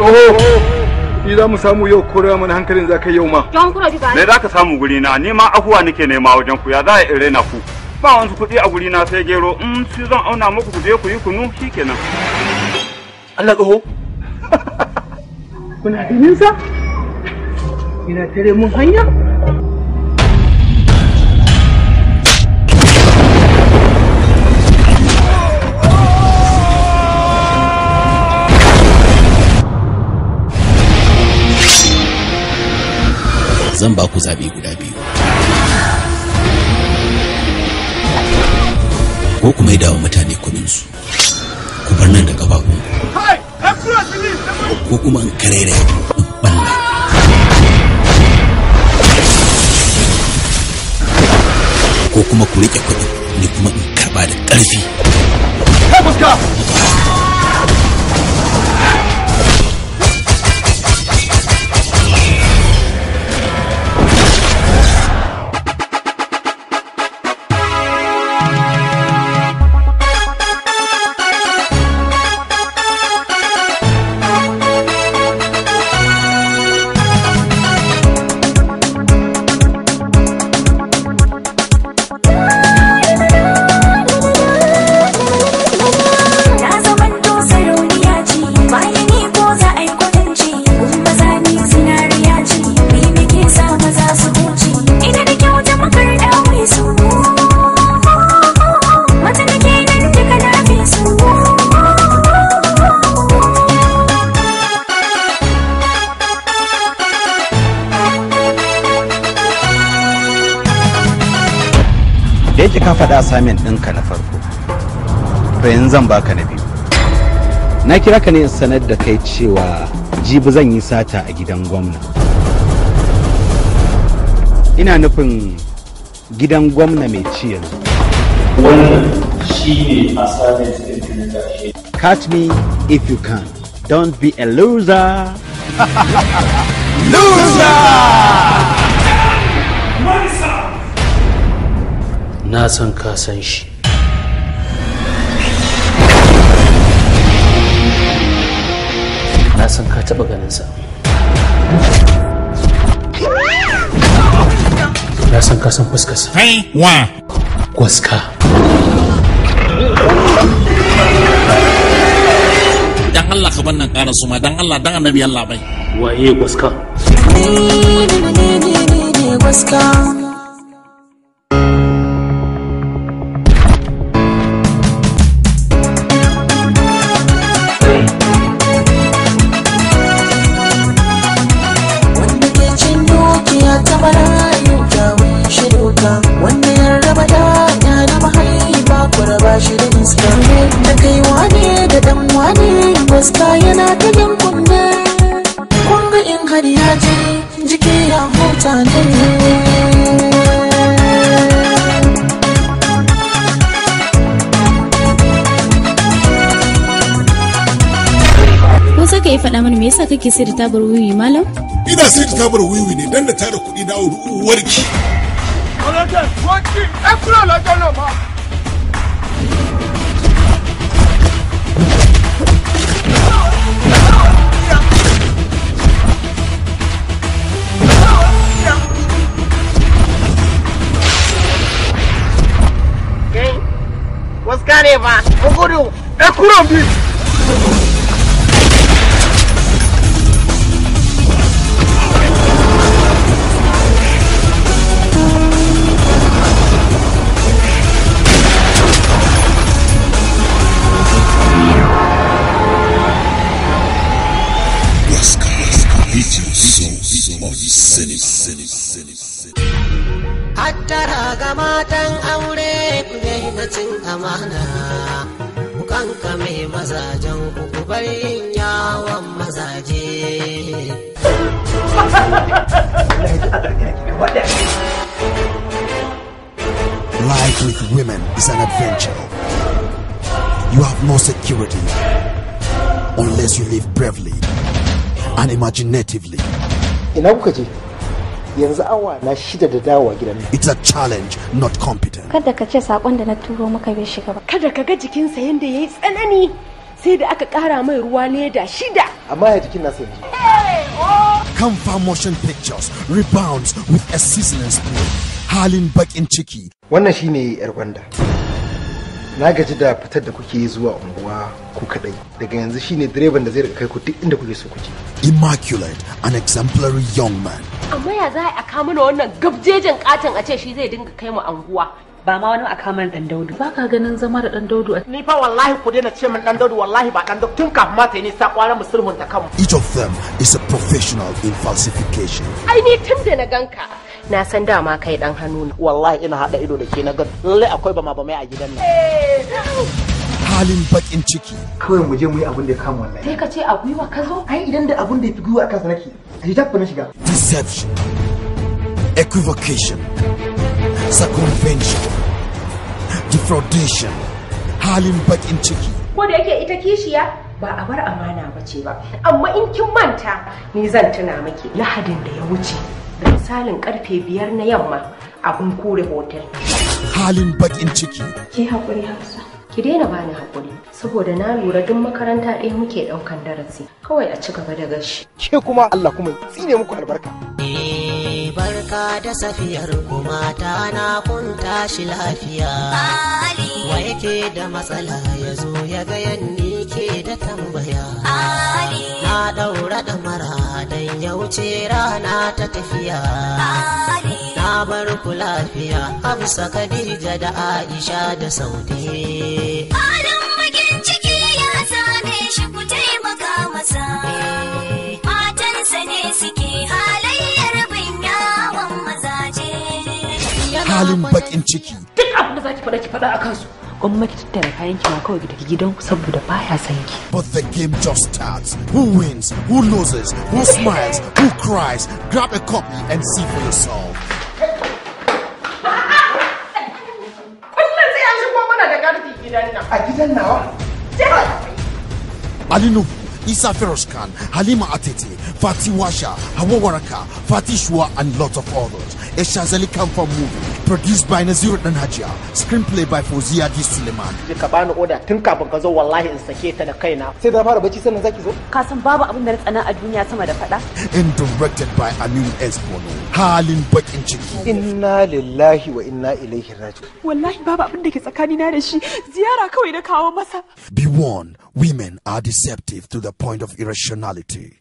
tsoho ni za mu samu yau korewa mana hankalin za ka yau ma don kuna ji ba ne za ka samu guri na ma afuwa nake nema wajen ku ya za a raina ku ba wani kuɗi a guri na sai gero in su zan auna muku ku je ku yi kunu shikenan Allah tsoho kuna ganin sa ina tare mun hanya zan ba ku zaɓe guda biyu ko kuma dawo mutane su ku bar nan da ƙafafun ko kuma in karere in ɓalla. ko kuma ku riƙe kuɗi ni kuma in karɓa da ƙarfi faɗi samin ɗinka na farko bayan yanzu zan baka na biyu na kira ka ne sanar da kai cewa jibi zan yi sata a gidan gwamna ina nufin gidan gwamna mai ci yanzu catch me if you can don't be a loser loser na san ka san shi na san ka taɓa ganinsa na san ka san fuskarsa wa gwaska dan Allah ka bannan ƙara su dan Allah dan annabi Allah bai waye gwaska ne ne ne ne kike sai da tabar wiwi malam? Ina sai da tabar wiwi ne don da tara kuɗi na wuri uwarki. Ọlọ́dẹ Wasu kare ba, ku gudu, ɗan kuro biyu. Life with women is an adventure. You have no security unless you live bravely and imaginatively. Ina kuka je? Yanzu awa na shida da dawa gidan nan. It's a challenge not competent. Kada ka ce sakon da na turo maka bai shiga ba. Kada ka ga jikinsa ya yayi tsanani sai da aka kara mai ruwa leda shida. Amma ya jikin nasa yanzu. Kamfa Motion Pictures rebounds with a season's play. Halin bakin ciki. Wannan shine yar gwanda. Na gaji da fitar da kuke zuwa unguwa ku kadai. Daga yanzu shi ne direban da zai rika kai ku duk inda kuke so ku je. Immaculate, an exemplary young man. Amma ya za a kama mana wannan gabjejin katon a ce shi zai dinga kai mu anguwa. ba ma wani aka mana dan daudu ba ka ganin zama da dan daudu ni fa wallahi ku daina ce min dan daudu wallahi ba dan daudu tun kafin ma ta yi nisa kwara mu ta kanmu each of them is a professional in falsification ai ni tun da na ganka na san dama kai dan hannu ne wallahi ina hada ido da ke na ga lalle akwai bama bamai a gidan nan halin bakin ciki kawai mu je mu yi abin da ya kama wallahi sai ka ce a gwiwa ka zo ai idan da abin da ya fi gwiwa kansa nake a ji tafi na shiga deception equivocation circumvention defraudation halin bakin ciki ko da yake ita kishiya ba a bar amana ba ce ba amma in kin manta ni zan tuna miki lahadin da ya wuce da misalin karfe biyar na yamma a kure hotel halin bakin ciki ki haƙuri Hausa, ki daina bani haƙuri saboda na lura duk makaranta ɗaya muke ɗaukan darasi kawai a ci gaba da gashi ke kuma allah kuma tsine muku albarka barka da safiyar kuma ta na kun tashi lafiya wa yake da matsala ya zo ya ga yanni ke da tambaya na daura da mara don ya wuce rana ta tafiya na bar ku lafiya amsa kadija da aisha da saudi halin bakin ciki ya same shi ku taimaka masa halin bakin ciki duk abin da zaki faɗa ki faɗa akan su gwamnati tattara kayan ki ma kawai ki tafi gidanku saboda baya son ki but the game just starts who wins who loses who smiles who cries grab a copy and see for yourself a gidan nawa Alinubu Isa Feroz Halima Atete, Fati Washa, Hawa Waraka, Fati Shua, and lots of others. a Shazali Kamfa movie produced by Naziru Dan Hajiya screenplay by Fauziya D Suleiman ka bani oda tun kafin ka zo wallahi in sake ta da kaina sai da fara bacci sannan zaki zo ka san babu abin da na tsana a duniya sama da fada and directed by Aminu S Bono halin bakin ciki inna lillahi wa inna ilaihi raji'un wallahi babu abin da ke tsakanina da shi ziyara kawai na kawo masa be warned women are deceptive to the point of irrationality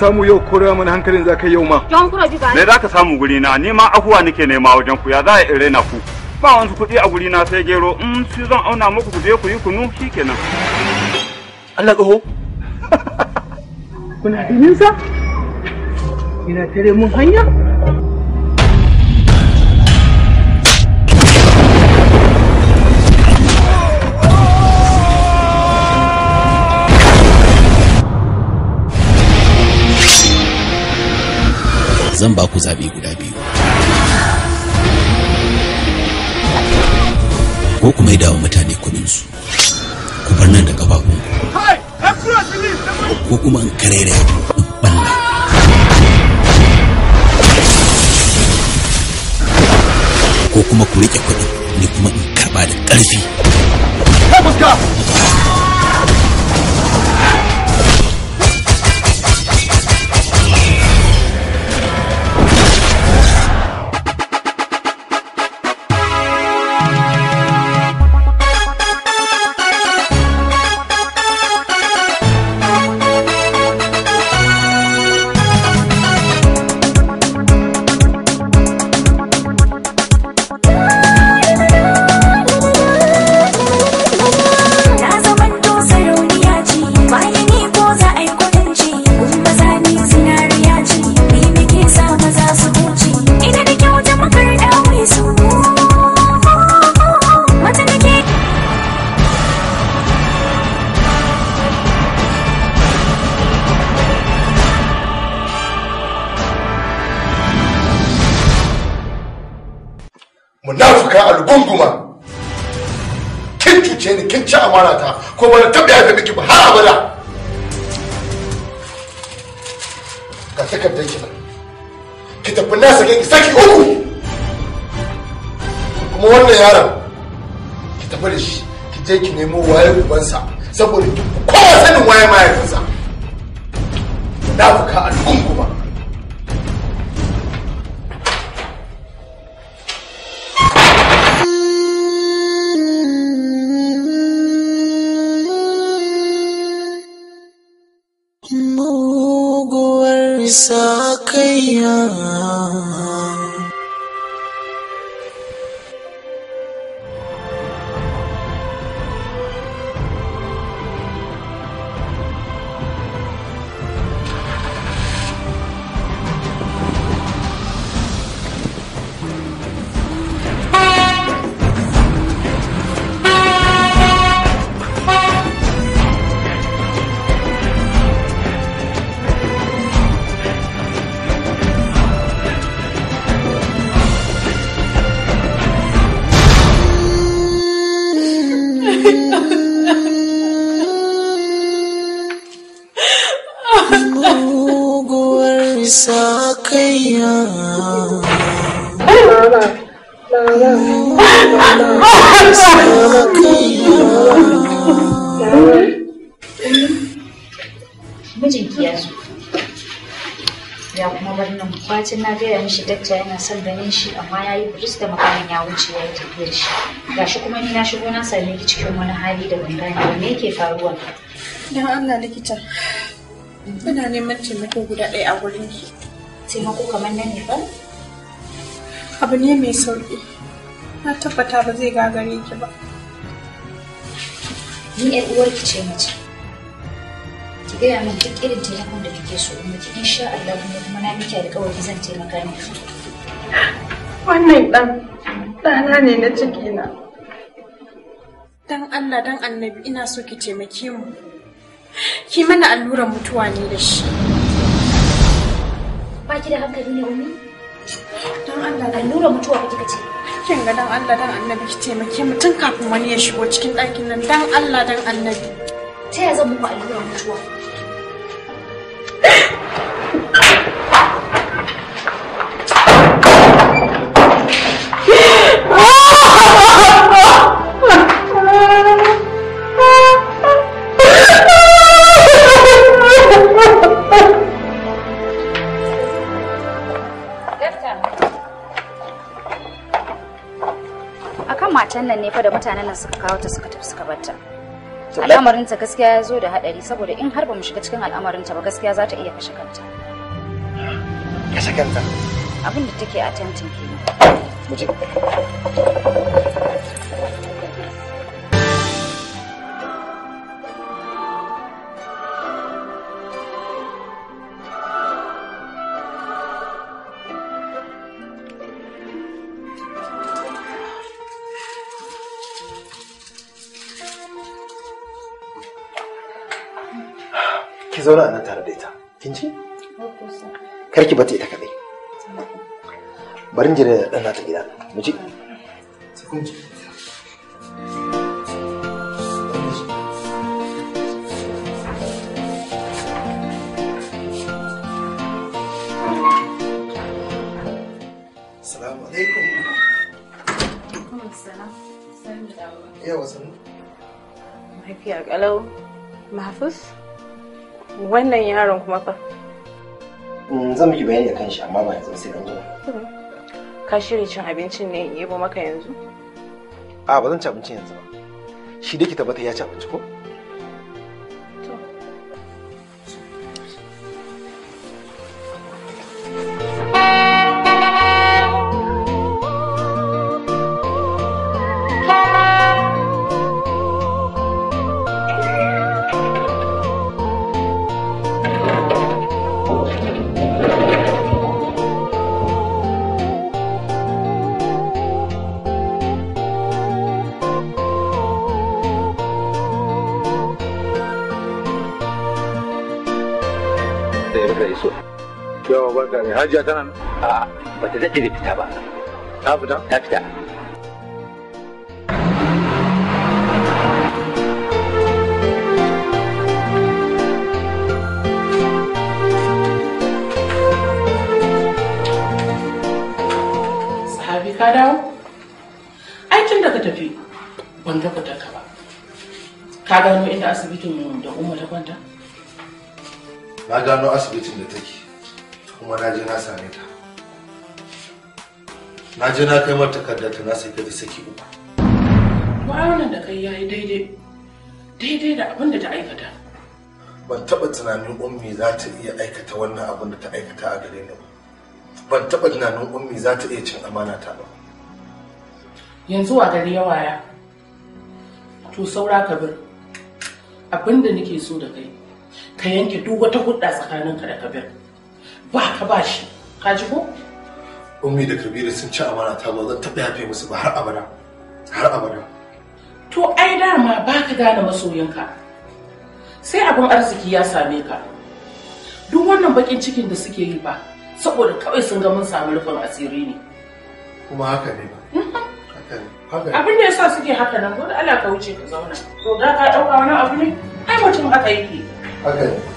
samu yau kura mana hankalin za ka yau ma don kuna ji me za ka samu guri na nema afuwa nake nema wajen ku ya za a na ku ba wani kuɗi a guri na sai gero in su zan auna muku ku je ku yi kunu shikenan Allah ƙaho kuna ganin sa ina tare mun hanya zan ba ku zaɓi guda biyu ko kuma yi dawo mutane kuɗinsu ku bar nan da ƙafafun ko kuma in karere in ɓalla ko kuma ku riƙe kuɗin ni kuma in karɓa da ƙarfi mijinki ya zo ya kuma wannan bacin na gaya mishi dacca yana son ganin shi amma ya yi buris da makamin ya wuce ya yi tafiyar shi shi kuma ni na shigo na same ki cikin wani hali da ban gane ba me yake faruwa dan Allah likita ina neman taimako guda ɗaya a gurin ki taimako kamar nan ne ba abu ne mai sauki na tabbata ba zai gagare ki ba ni uwar uwarki ce mace ki gaya min duk irin taimakon da kike so kuma ki insha Allah kuma kuma na miki alƙawari zan taimaka ne. wannan dan ɗana ne na ciki na dan Allah dan annabi ina so ki taimake mu ki mana alluran mutuwa ne da shi ba ki da hankali ne umi don Allah alluran mutuwa ba kika ce kin ga dan Allah dan annabi ki taimake mu tun kafin wani ya shigo cikin ɗakin nan dan Allah dan annabi ta ya zan muku allurar mutuwa mutanen nan suka kawo ta suka tafi suka al'amarin ta gaskiya ya zo da hadari saboda in har ba mu shiga cikin al'amarin ta ba gaskiya za ta iya kashe kanta kashe kanta abin da take a tantin je. zauna a nan tare da ita kin ji kar ki bata ita kaɗai, bari jira ɗan nata gida mu ji Assalamu alaikum. Yau wasan. Mafiya kalau Mahfuz? Wannan yaron kuma fa. Mm, zan miki bayani kan shi amma ba yanzu sai an jima. Ka shirye cin abincin ne in yebo maka yanzu? A ba zan ci abinci yanzu ba. Shi dake ki tabbata ya ci abinci ko? ya tana nan? A'a, ba ta da fita ba. Ta fita? Ta fita. Sahabi ka dawo? Ai tun da ka tafi ban ga ka ba. Ka gano inda asibitin da Umar ta kwanta? Na gano asibitin da take. kuma na je na same ta na je na kai mata takarda ta na sai da saki uku wannan da kai yayi daidai daidai da abin da ta aikata ban taba tunanin ummi za ta iya aikata wannan abin da ta aikata a gare ni ba ban taba tunanin ummi za ta iya cin amana ta ba yanzu wa gari ya waya to saura ka abin da nake so da kai ka yanke duk wata hudda tsakaninka da kabir ba ka ba shi ka ji ko ummi da kabiru sun ci amana ta ba zan taɓa yafe musu ba har abada har abada to ai dama ba ka gane masoyinka sai abin arziki ya same ka duk wannan bakin cikin da suke yi ba saboda kawai sun ga mun samu rufin asiri ne kuma haka ne ba mm-hmm. abin da yasa suke haka nan wani ala ka wuce ka zauna to da ka ɗauka wani abu ne ai mutum haka yake haka ne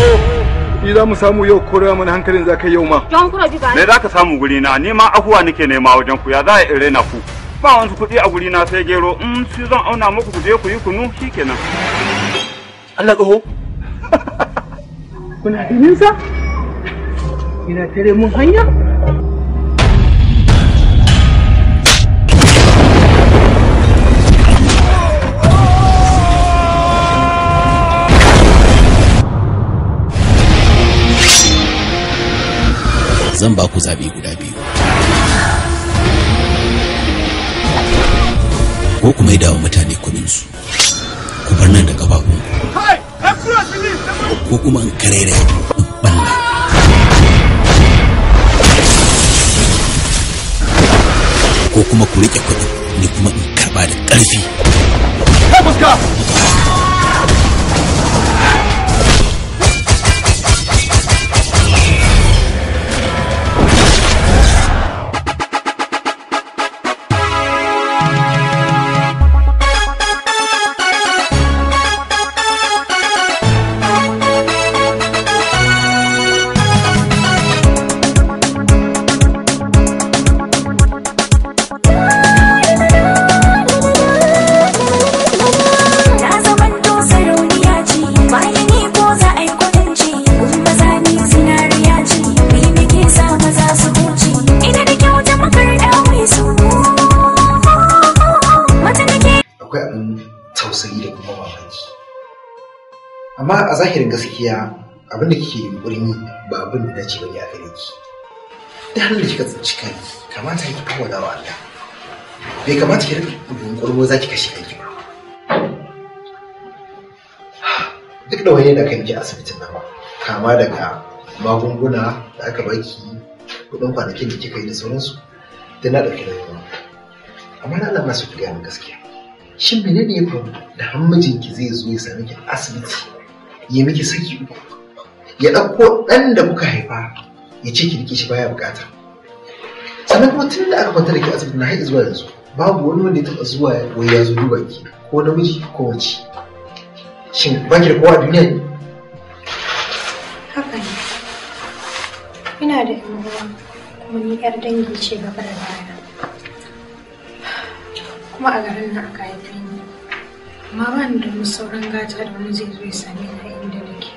ni za mu samu yau ko rawa mana hankalin za ka yau ma. Don kuna ji ba Me za ka samu guri na ni ma afuwa nake nema wajen ku ya za a n'a ku. Ba wani kuɗi a guri na sai gero in su zan auna muku ku je ku yi kunu shikenan. Allah ƙaho. Kuna ganin sa? Ina tare mun hanya? zan ba ku zaɓe guda biyu ko ku maida wa mutane kuɗinsu ku bar nan da ƙafafun ko kuma in karere in ɓalla ko kuma ku riƙe kuɗi ni kuma in karɓa da ƙarfi amma a zahirin gaskiya abin da kike yunkurin yi ba abin da ce bane a gare ki da hannun da kika tsinci kai kamata ki kawada wa Allah bai kamata ki rika yunkurin za zaki kashe kanki ba duk da wani da kan je asibitin nan ba kama daga magunguna da aka baki kudin kwanakin da kika yi da sauransu da na dauke da yawa amma na Allah masu kuɗi gaskiya shin menene ya faru da hammijinki zai zo ya sami ki asibiti ya miki saki uku ya ɗauko ɗan da kuka haifa ya ce kirki shi baya bukata sannan kuma tun da aka kwanta da ke asibiti na haihu zuwa yanzu babu wani wanda ya taɓa zuwa wai ya zo duba ki ko namiji ko mace shin baki da kowa a duniya ne haka ne ina da yawa kuma ni yar dangi ce gaba da baya kuma a garin na aka haife amma ba ni da wasu sauran gata da wani zai zo ya same ni a inda nake.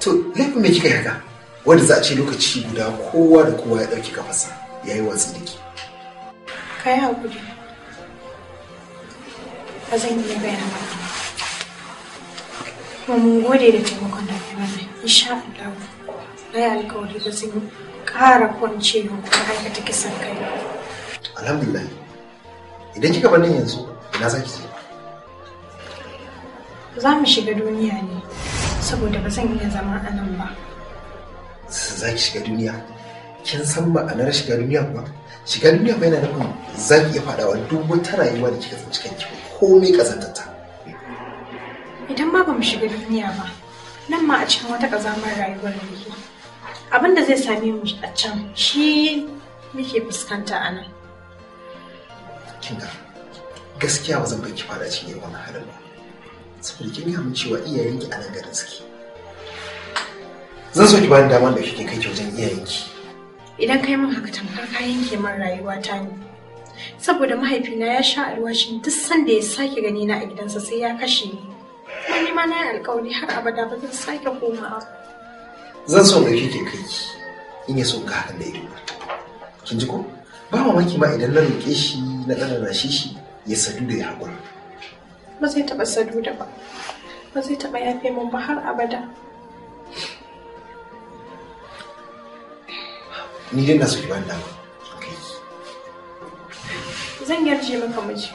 To, laifin me kika yi haka? Wanda za a ce lokaci guda kowa da kowa ya ɗauki kafarsa ya yi watsi da ke. Ka yi haƙuri. Ba zan iya bayyana ba. Kuma mun gode da taimakon da kai mana. Insha Allah. Na yi alkawari da zan ƙara kwancewa kuma aikata kisan kai. Alhamdulillah. idan kika bar nan yanzu Na zaki je. Za mu shiga duniya ne, saboda ba zan iya zama a nan ba. Za ki shiga duniya? Kin san ma'anar shiga duniya ba? Shiga duniya ba yana nufin za ki iya faɗawa duk wata rayuwa da kika tsinci kanki komai ƙazantarta. Idan ma ba mu shiga duniya ba, nan ma a cikin wata ƙazamar rayuwar da muke. Abin da zai same mu a can shi muke fuskanta a nan. Kinga. gaskiya ba zan baki fada cikin irin wannan halin ba saboda kin gaya cewa iyayenki a nan garin suke zan so ki bani damar da kike kai ki wajen iyayenki idan kai min haka tamkar ka yanke min rayuwa ta ni saboda mahaifina ya sha alwashin duk sanda ya sake gani na a gidansa sai ya kashe ni kuma ni ma na yi alkawari har abada ba zan sake komawa zan so da kike kai ki in ya so ga hakan da ido kin ji ko ba mamaki ma idan na roƙe shi na ɗan na shi ya sadu da ya haƙura. Ba zai taɓa sadu da ba. Ba zai taɓa yafe mun ba har abada. Ni dai na so da ban Zan yarje maka miji.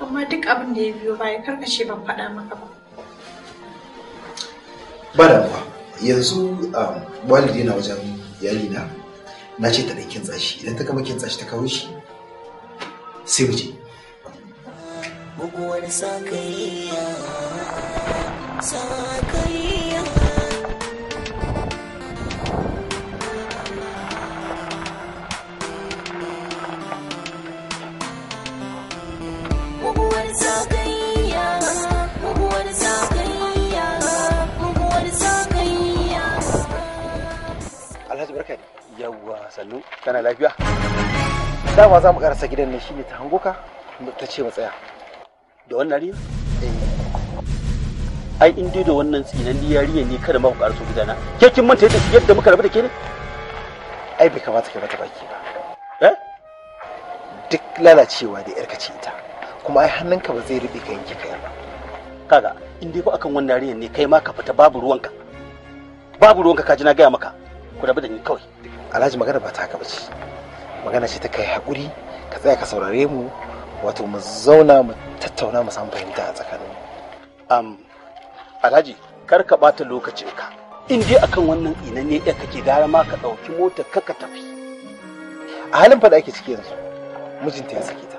Amma duk abin da ya biyo baya karkashe ban faɗa maka ba. Ba da ba, Yanzu um, walidi na wajen iyalina na ce ta ɗan kintsa shi idan ta gama kintsa shi ta kawo shi sai mu je. buguwar sakayya sakayya yawwa kana lafiya dama za mu karasa gidan ne shine ta hango ka ta ce mu tsaya da wannan riya eh. ai in dai da wannan tsinan yariya ne kada ma ku ƙaraso gidana ke kin manta yadda yadda muka rabu da ke ne ai bai kamata kai mata baki ba eh duk lalacewa da yarka ce ita kuma ai hannunka ba zai rube ka yanke kai ba kaga in dai ba akan wannan riya ne kai ma ka fita babu ruwanka babu ruwanka ka ji na gaya maka ku rabu da ni kawai alhaji magana ba ta haka ce magana ce ta kai hakuri, ka tsaya ka saurare mu wato mu zauna mu tattauna mu samu fahimta a tsakanin um, alhaji kar ka bata lokacinka in dai akan wannan ina ne ya kake gara ma ka ɗauki motar ka ka tafi a halin fada ake ciki yanzu mijinta ya sake ta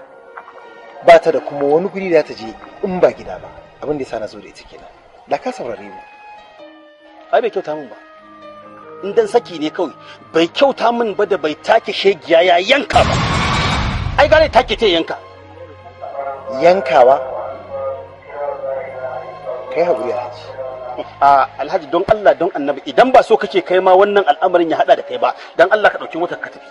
ba ta da kuma wani guri da ta je in ba gida ba abin da yasa na zo da ita kenan da ka saurare mu ai bai kyauta min ba in dan saki ne kawai bai kyauta min ba da bai take shegiya ya yanka ba ai gane take ta yanka yankawa kai haƙuri alhaji a alhaji don Allah don annabi idan ba so kake kai ma wannan al'amarin ya haɗa da kai ba don Allah ka ɗauki motar ka tafi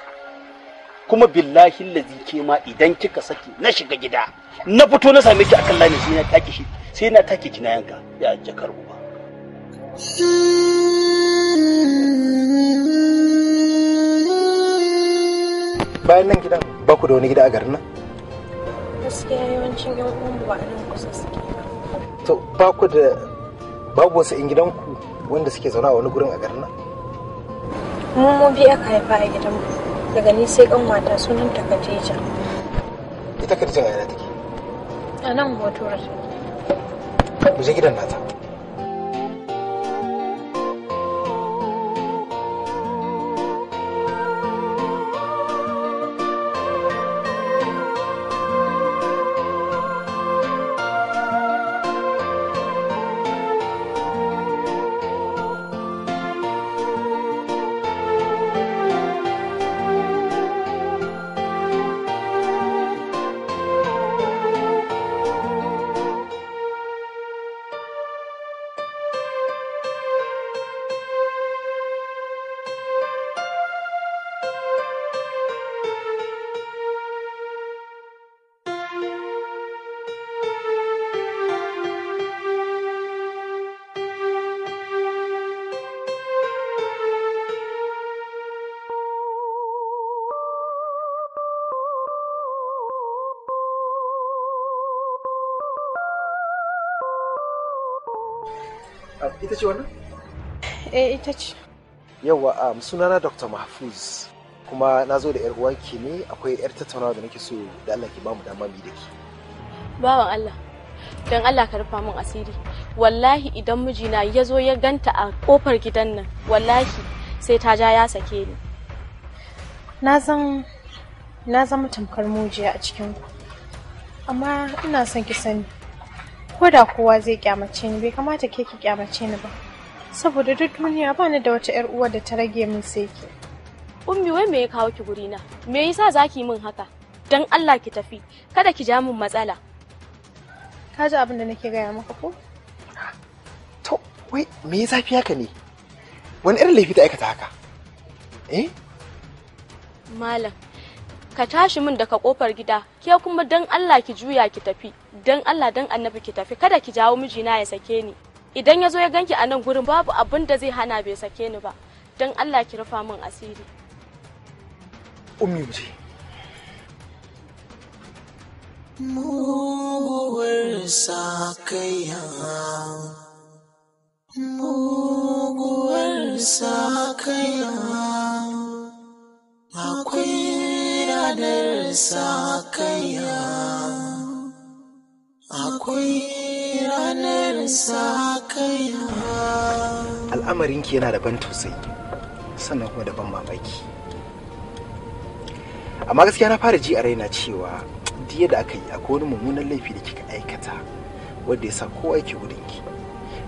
kuma billahi lazi ke ma idan kika saki na shiga gida na fito na same ki akan lani sai na take shi sai na take ki na yanka ya jakar uba bayan nan gidan ba ku da wani gida a garin nan gaskiya yawancin yan ba ba nan kusa suke to ba ku da babu wasu in gidanku wanda suke zaune a wani gurin a garin nan mun mu bi aka haifa a gidanmu daga ni sai mata sunan ta Khadija ita Khadija a yana take a nan hoto take mu je gidan nata ji wannan? Eh ita ce. Yawwa um, sunana Dr. Mahfuz kuma na zo da 'yar uwanki ne akwai 'yar tattaunawa da nake so da Allah ke bamu dama da ke. Bawan Allah, don Allah ka rufa min asiri. Wallahi idan mijina ya zo ya ganta a kofar gidan nan, wallahi sai ta ja ya sake ni. Na zan na zama tamkar mujiya a cikin ku. Amma ina son ki sani ko da kowa zai kyamace ni bai kamata ke ki kyamace ni ba saboda duk duniya ba ni da wata yar uwa da ta rage min sai ki ummi wai me ya kawo ki guri na me yasa zaki min haka dan Allah ki tafi kada ki ja min matsala ka ji abin da nake gaya maka ko to wai me ya zafi haka ne wani irin laifi ta aikata haka eh malam ka tashi min daga kofar gida ke kuma dan Allah ki juya ki tafi dan Allah dan annabi ki tafi kada ki jawo mijina ya sake ni idan ya zo ya ganki a nan gurin babu abin da zai hana bai sake ni ba dan Allah ki rufa min asiri ummi muguwar sakaya muguwar sakaya akwai ranar sa akwai ranar sa al'amarinki yana da ban tausayi sannan kuma da ban mamaki amma gaskiya na fara ji a raina cewa diya da aka yi akwai wani mummunan laifi da kika aikata wanda ya sa kowa yake gudunki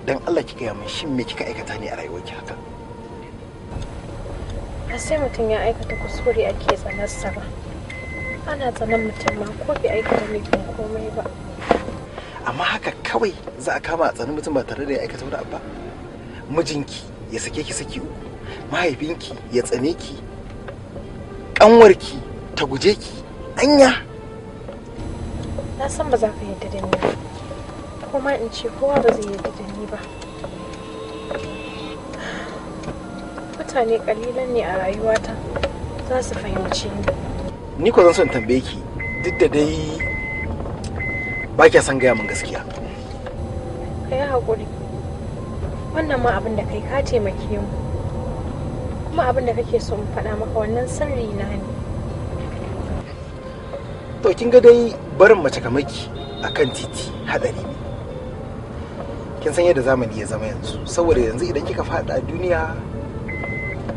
don allah kika yamin shin me kika aikata ne a rayuwarki haka sai mutum ya aikata kuskure ake tsanarsa ba ana tsanan mutum ma ko bai aikata laifin komai ba amma haka kawai za a kama a tsanan mutum ba tare da ya aikata wani abu ba mijinki ya sake ki saki uku mahaifinki ya tsane ki kanwarki ta guje ki anya na san ba za ka yadda da ni ba kuma in ce kowa ba zai yadda da ni ba mutane kalilan ne a rayuwata za su fahimci ni ni ko zan son tambaye ki duk da dai ba kya san gaya min gaskiya kai hakuri wannan ma abin da kai ka taimake mu kuma abin da kake so mu faɗa maka wannan sirri na ne to kin ga dai barin mace kamaki akan titi hadari ne kin san yadda zamani ya zama yanzu saboda yanzu idan kika faɗa duniya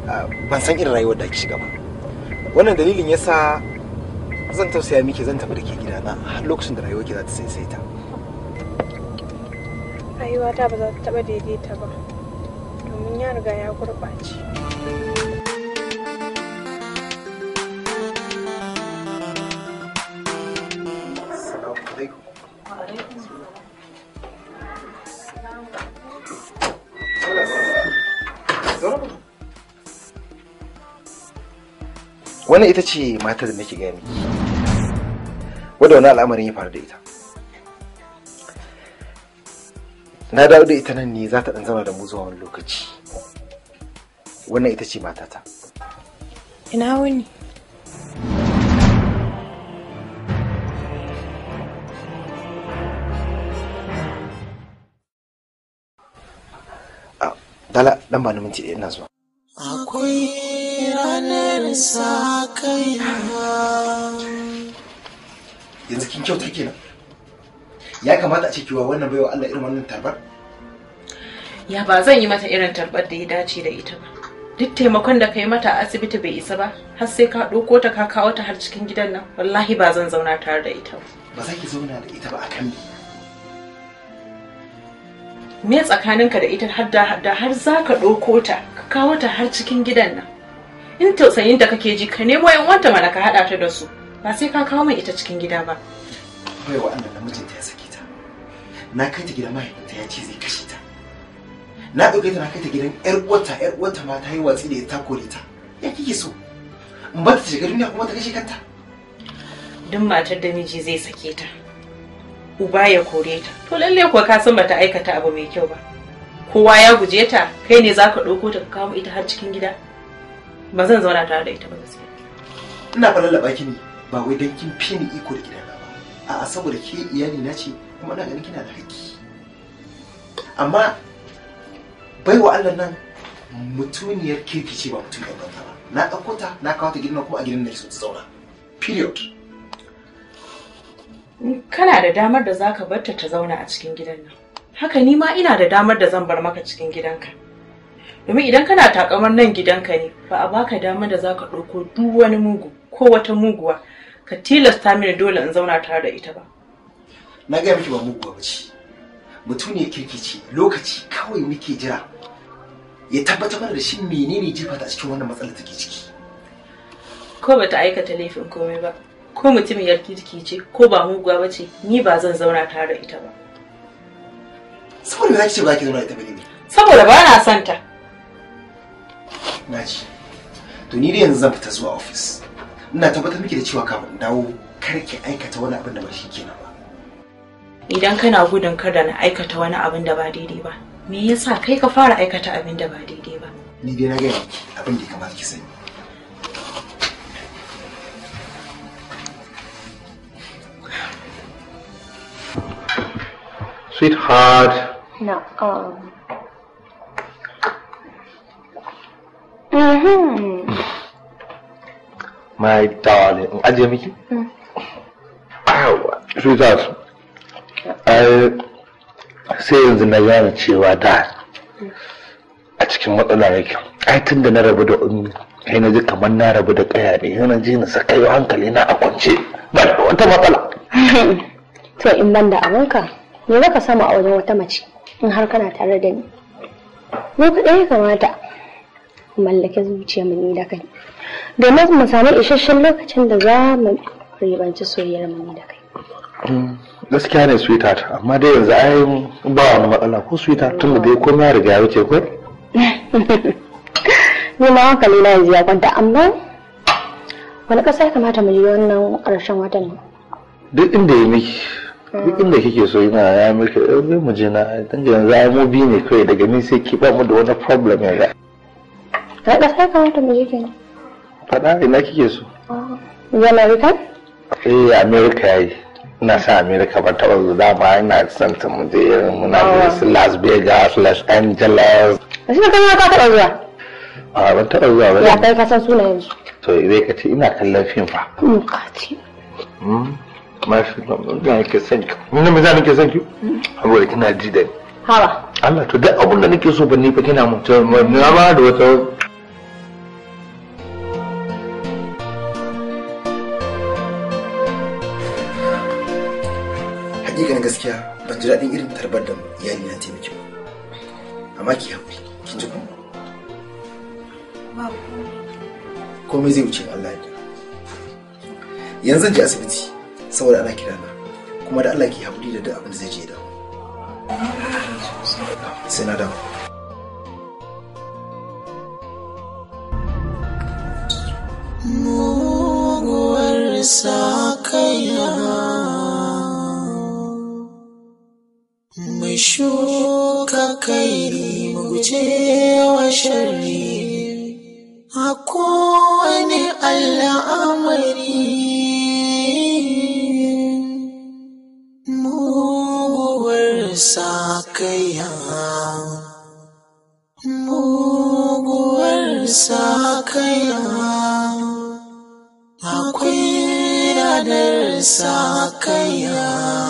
ah, ban san irin rayuwar da kike shiga ba wannan dalilin yasa zan tausaya miki zan tafi da ke gidana har lokacin da rayuwa ke za ta Rayuwa rayuwata ba za ta taɓa daidaita ba domin ya riga ya gurɓace wannan ita ce matar da nake gaya wadda wani al'amarin ya faru da ita na dawo da ita nan ne za ta ɗan zama da mu zuwa wani lokaci wannan ita ce matata ina wuni ah, Dala dan ba minti ɗaya ina zuwa. Akwai ranar sa kai yanzu kin kyauta kenan ya kamata a ce kiwa wannan baiwa Allah irin wannan tarbar ya ba zan yi mata irin tarbar da ya dace da ita ba duk taimakon da kai mata a asibiti bai isa ba har sai ka ɗauko ta ka kawo ta har cikin gidan nan wallahi ba zan zauna tare da ita ba Ba za ki zauna da ita ba a kan me tsakaninka da ita har da har za ka ɗauko ta ka kawo ta har cikin gidan nan in tausayin da kake ji ka nemo yan wanta mana ka haɗa ta da su ba sai ka kawo min ita cikin gida ba bai wa Allah mijinta ya sake ta na kai ta gidan mahaifinta ya ce zai kashe ta na ɗauke ta na kai ta gidan yar uwarta yar uwarta ma ta yi watsi da ta kore ta ya kike so in ba ta shiga duniya kuma ta kashe kanta duk matar da miji zai sake ta uba ya kore ta to lalle kuwa ka san bata aikata abu mai kyau ba kowa ya guje ta kai ne zaka ɗauko ta ka kawo ita har cikin gida ba zan zauna tare da ita ba gaskiya ina fara lallaba ki ne ba wai don kin fi ni iko da gidana ba a'a saboda ke iyali na ce kuma ina ganin kina da haƙƙi amma bai wa Allah nan mutuniyar kirki ce ba ɗan banza ba na ɗauko ta na kawo ta gidan kuma a gidan nan so ta zauna period kana da damar da zaka barta ta zauna a cikin gidan nan haka ni ma ina da damar da zan bar maka cikin gidanka domin idan kana takamar nan gidanka ne ba a baka damar da zaka ɗauko duk wani mugu ko wata muguwa ka tilasta mini dole in zauna tare da ita ba na gaya miki ba muguwa ba ce mutum ne kirki ce lokaci kawai muke jira ya tabbatar da shi menene jifa ta cikin wannan matsalar take ciki ko ba ta aikata laifin komai ba ko mutumin yarki jiki ce ko ba muguwa ba ce ni ba zan zauna tare da ita ba saboda ba ki ce ba ki zauna da ita ba ne saboda ba na santa na ji to ni dai yanzu zan fita zuwa ofis ina tabbatar miki da cewa kafin dawo kar ki aikata wani abin da ba shi kenan ba idan kana gudun kada na aikata wani abin da ba daidai ba me yasa kai ka fara aikata abin da ba daidai ba ni dai na gaya abin da ya kamata ki sani Sweetheart. No. Um. Mm-hmm. my darling in ajiye miki hmm. sweetheart sai yanzu na gane cewa da a cikin matsala yake ai tun da na rabu da umi kai na ji kamar na rabu da kaya ne yana ji na sakayo hankali na a kwance ba da wata matsala to in ban da abinka me zaka samu a wajen wata mace in har kana tare da ni ni kaɗai kamata mallake zuciya mu ni da kai domin mu samu isasshen lokacin da za mu ribanci soyayyar mu ni da kai mm, gaskiya ne sweetheart amma dai yanzu ai ba wani matsala ko sweetheart tun da dai komai ya riga ya wuce ko ni ma haka ne na yanzu ya kwanta amma wani ƙasa ya kamata mu yi wannan ƙarshen watan duk inda ya miki mm. duk inda kike so yana ya miki ya eh, mu je na tun yanzu ai mu bi ne kai daga ni sai ki ba mu da wani problem yanzu ta ƙasa ya kamata mu je kenan faɗa ina kike so ya america eh ya yi, ina sa america ban taɓa zuwa dama ina son ta mu je irin muna su las vegas los angeles shi ne kai taɓa zuwa a ban taɓa zuwa ba ya kai ka san sunayen su to zai ka ce ina kallon fim fa hmm, ka ce mashi na nake son ki ni me za ke son ki saboda kina ji da ni hawa Allah to duk abin da nake so ban ni fa kina mutum na ba da wata ji daɗin irin tarbar da iyali na taimaki miki amma ki haƙuri kin ji kuma komai zai wuce Allah ya yanzu je asibiti saboda ana kira na kuma da Allah ki haƙuri da duk abin da zai je da sai na dawo muguwar sa kaiya shuka kai mu guje wa sharri a kowane al'amari muguwar sakaya muguwar sakaya akwai ranar sakaya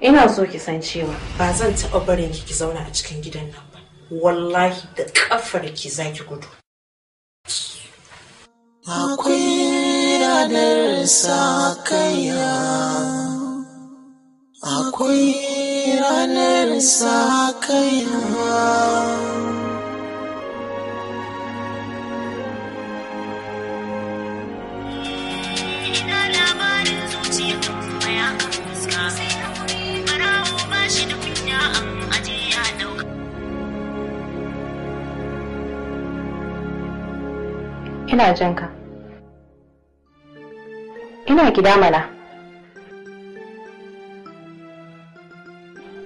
ina so ki san cewa ba zan taɓa barin ki ki zauna a cikin gidan nan ba wallahi da ƙafar ki za ki gudu akwai ranar sakayya akwai ranar ina jin ka ina gida mana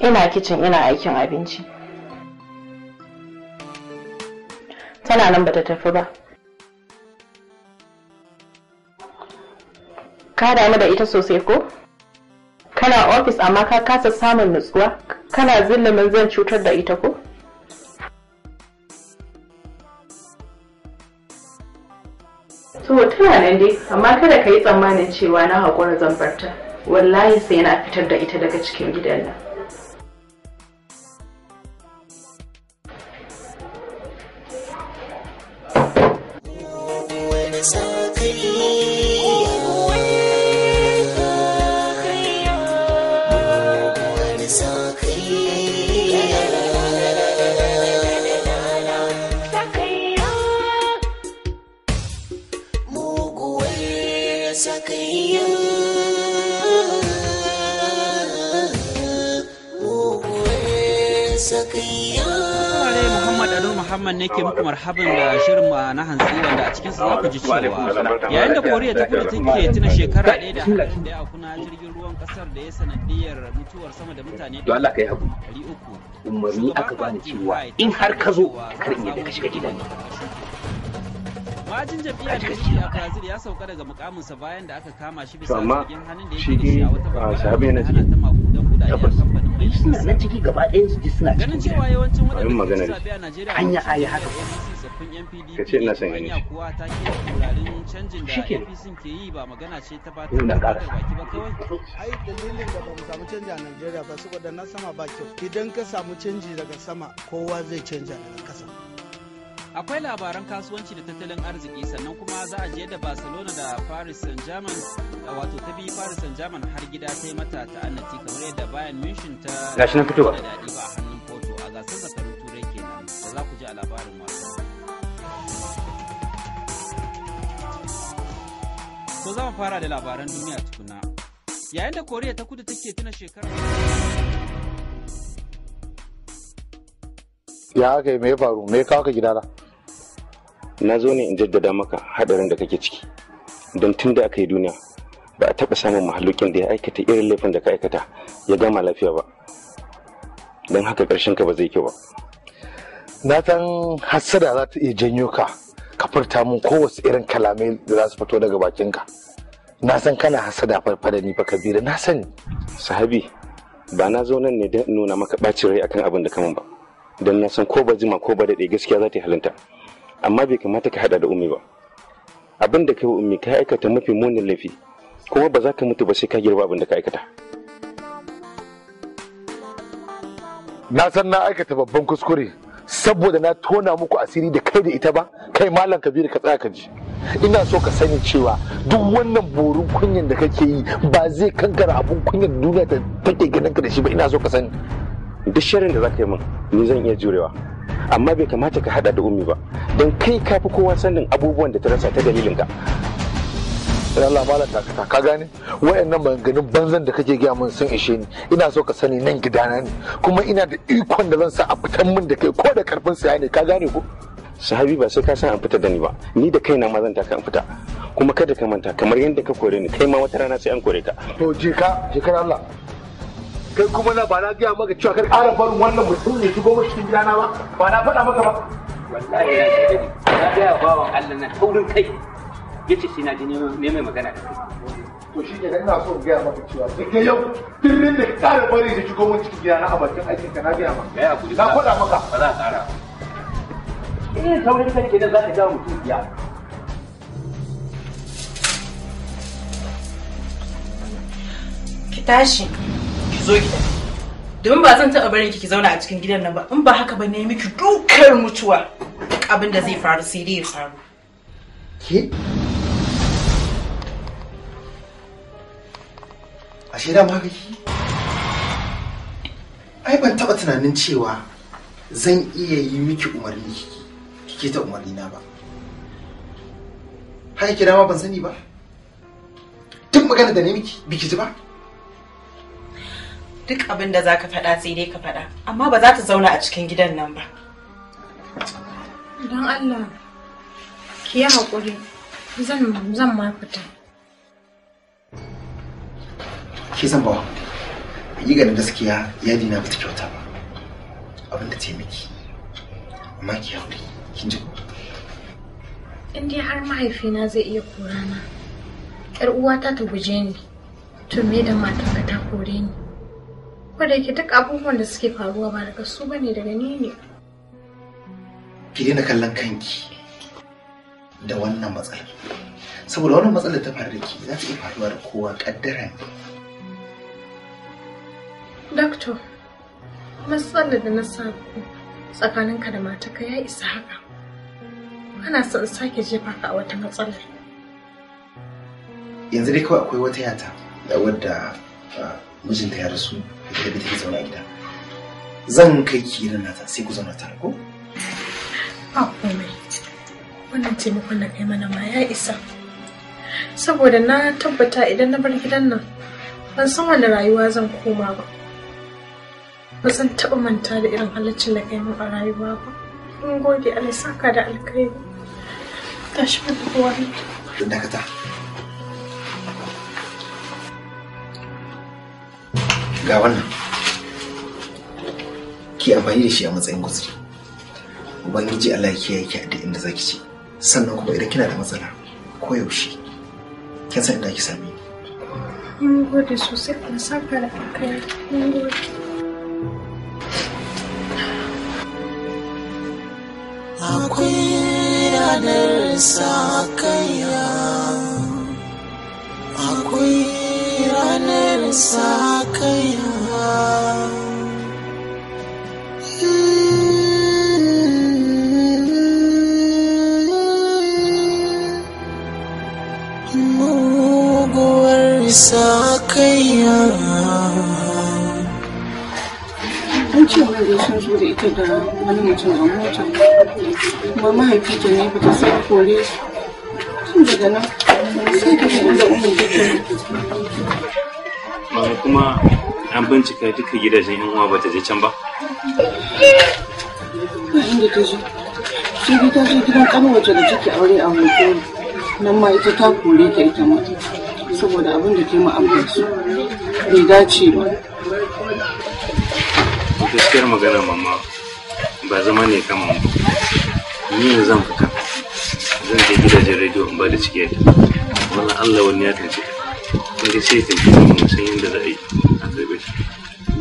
ina kicin ina aikin abinci tana nan bata tafi ba ka damu da ita sosai ko kana ofis amma ka kasa samun nutsuwa kana zillimin zan cutar da ita ko to tana nan dai amma kada ka yi tsammanin cewa na haƙura zambarta wallahi sai na fitar da ita daga cikin gidan nan ne ke muku marhaban da shirin ma na hantsi wanda a cikinsa za ku ji cewa yayin da koriya ta kudu take tuna shekara ɗaya da harin da ya kuna jirgin ruwan kasar da ya sanadiyar mutuwar sama da mutane da Allah kai hagu umarni aka bani cewa in har ka zo kar in yadda ka shiga gidan Majin jam'iyyar da yake a Brazil ya sauka daga mukaminsa bayan da aka kama shi bisa zargin hannun da yake da shi a wata babbar ta makudan kudaden kamfanin duk suna nan ciki gaba ɗayan su suna ganin cewa yawancin waɗanda zaɓe a Najeriya hanya a yi haka ka ce ina son yanci shi ke nan ƙara ai dalilin da ba mu samu canji a Najeriya ba saboda na sama ba kyau idan ka samu canji daga sama kowa zai canja daga kasa. Akwai labaran kasuwanci da tattalin arziki sannan kuma za a je da Barcelona da Paris Saint-Germain wato ta bi Paris Saint-Germain har gida ta yi mata ta'annati kamar yadda bayan Munich ta gashi nan fitowa da daɗi ba hannun foto a gasar zakarun Turai kenan da za ku ji a labarin wasan. Ko za mu fara da labaran duniya tukuna. Yayin da Koriya ta kudu take tuna shekarar ya aka yi me ya faru me kawo ka gidana na zo ne in jaddada maka hadarin da kake ciki don tun da aka yi duniya ba a taɓa samun mahalukin da ya aikata irin laifin da ka aikata ya gama lafiya ba don haka ƙarshen ka ba zai kyau ba na san hassada za ta iya janyo ka ka furta mun kowace irin kalamai da za su fito daga bakinka na san kana hassada farfada ni fa kabira na sani sahabi ba na zo nan ne don nuna maka ɓacin rai akan abin da kaman ba don na san ko ba jima ko ba daɗe gaskiya za ta yi halinta amma bai kamata ka hada da ummi ba abin da kai wa ummi ka aikata mafi munin laifi kuma ba za ka mutu ba sai ka girba abin da ka aikata na san na aikata babban kuskure saboda na tona muku asiri da kai da ita ba kai malam kabiru ka tsaya ka ji ina so ka sani cewa duk wannan borin kunyan da kake yi ba zai kankara abun kunyan duniya ta take ganin ka da shi ba ina so ka sani duk shirin da za ka yi min ni zan iya jurewa amma bai kamata ka hada da ummi ba don kai ka fi kowa sanin abubuwan da ta rasa ta dalilin ka Allah mala takata ka gane wayannan maganganun banzan da kake gaya min sun ishe ni ina so ka sani nan gidana ne kuma ina da ikon da zan sa a fitan min da kai ko da karfin sa ne ka gane ko sahabi ba sai ka san an fita da ni ba ni da kaina ma zan ta ka fita kuma kada ka manta kamar yadda ka kore ni kai ma wata rana sai an kore ka to je ka je Allah kai kuma na ba na gaya maka cewa kar ƙara barin wannan mutum ne shigo mutum cikin gidana ba ba na faɗa maka ba wallahi ya shaida ne na gaya bawan Allah na taurin kai ya ce sai na ji neman magana da kai to shi ke ina so gaya maka cewa ke yau dirin da ƙara bari da shigo mutum cikin gidana a bakin aikin ka na gaya maka na faɗa maka ba za a ƙara irin eh, taurin kai kenan za ka jawo mutum biya ki tashi zo ki domin ba zan taɓa barin ki zauna a cikin gidan nan ba in ba haka ba nemi miki dukar mutuwa duk abin da zai faru sai dai ya faru ke ashe da ma kake ai ban taɓa tunanin cewa zan iya yi miki umarni kike ta umarni na ba har kira ma ban sani ba duk magana da ne miki biki ji ba duk abin da za ka faɗa sai dai ka faɗa amma ba za ta zauna a cikin gidan nan ba don allah ki yi haƙuri zan zan ma fita ki san bawa yi ganin gaskiya yadi na bata kyauta ba abin da taimaki amma ki haƙuri kin ji in dai har mahaifina zai iya na 'yar uwata ta guje ni to me da ka ta kore ni ko da duk abubuwan da suke faruwa ba daga su bane daga ni ne ki daina kallon kanki da wannan matsalar saboda wannan matsalar ta faru da ki za ta iya faruwa da kowa kaddara ne doctor matsalar da na samu tsakaninka da matarka ya isa haka ana son sake jefa ka a wata matsalar yanzu dai kawai akwai wata yata da wadda ah, mijinta ya rasu da kike zauna gida zan kai ki irin nata sai ku zauna tare ko a komai wannan taimakon da kai mana ma ya isa saboda na tabbata idan na bar gidan nan ban san wani rayuwa zan koma ba ba zan taɓa manta da irin halaccin da kai min a rayuwa ba in gode Allah saka da alkhairi tashi mu kowa da dakata ga wannan ki amfani da shi a matsayin guzuri ubangiji Allah ya kiyaye ki a duk inda zaki ci sannan kuma idan kina da matsala ko yaushe kin san inda ki same ni mun gode sosai na saka da kai mun gode akwai ranar sa kaiya akwai ranar sa kaiwa. sa kaiya an ce da ita da wani mutum a mota kuma mahaifi ne ba ta sai kore kuma an bincika duka gidajen yan uwa bata je can ba inda ta je sai dai ta je gidan kanwace da take aure a hoto nan ma ita ta kore ta ita ma saboda abin da ta yi ma'amlarsu bai dace ba gaskiyar magana mama ba zama ne kama ba ni yanzu zan fita zan je gidajen rediyo in ba da cike ta wani allah wani ya tace kaga sai ka ji san yadda za a yi a karbe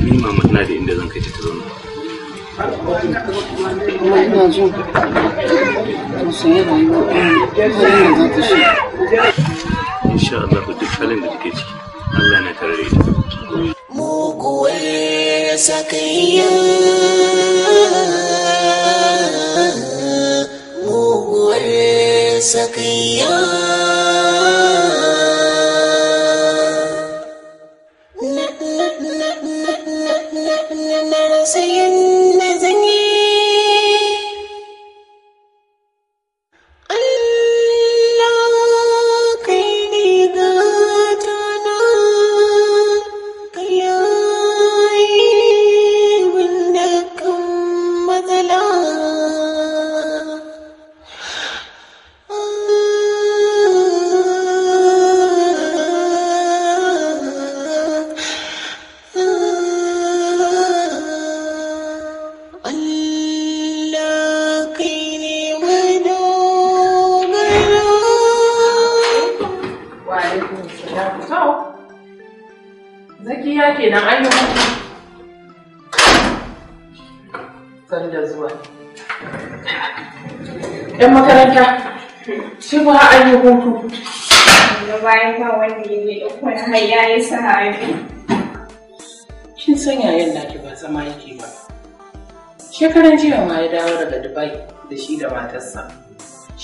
ni ma na da inda zan kai ta zauna ina insha Allah duk halin da take ciki Allah na karare ta mu kuwa sakayya sakayya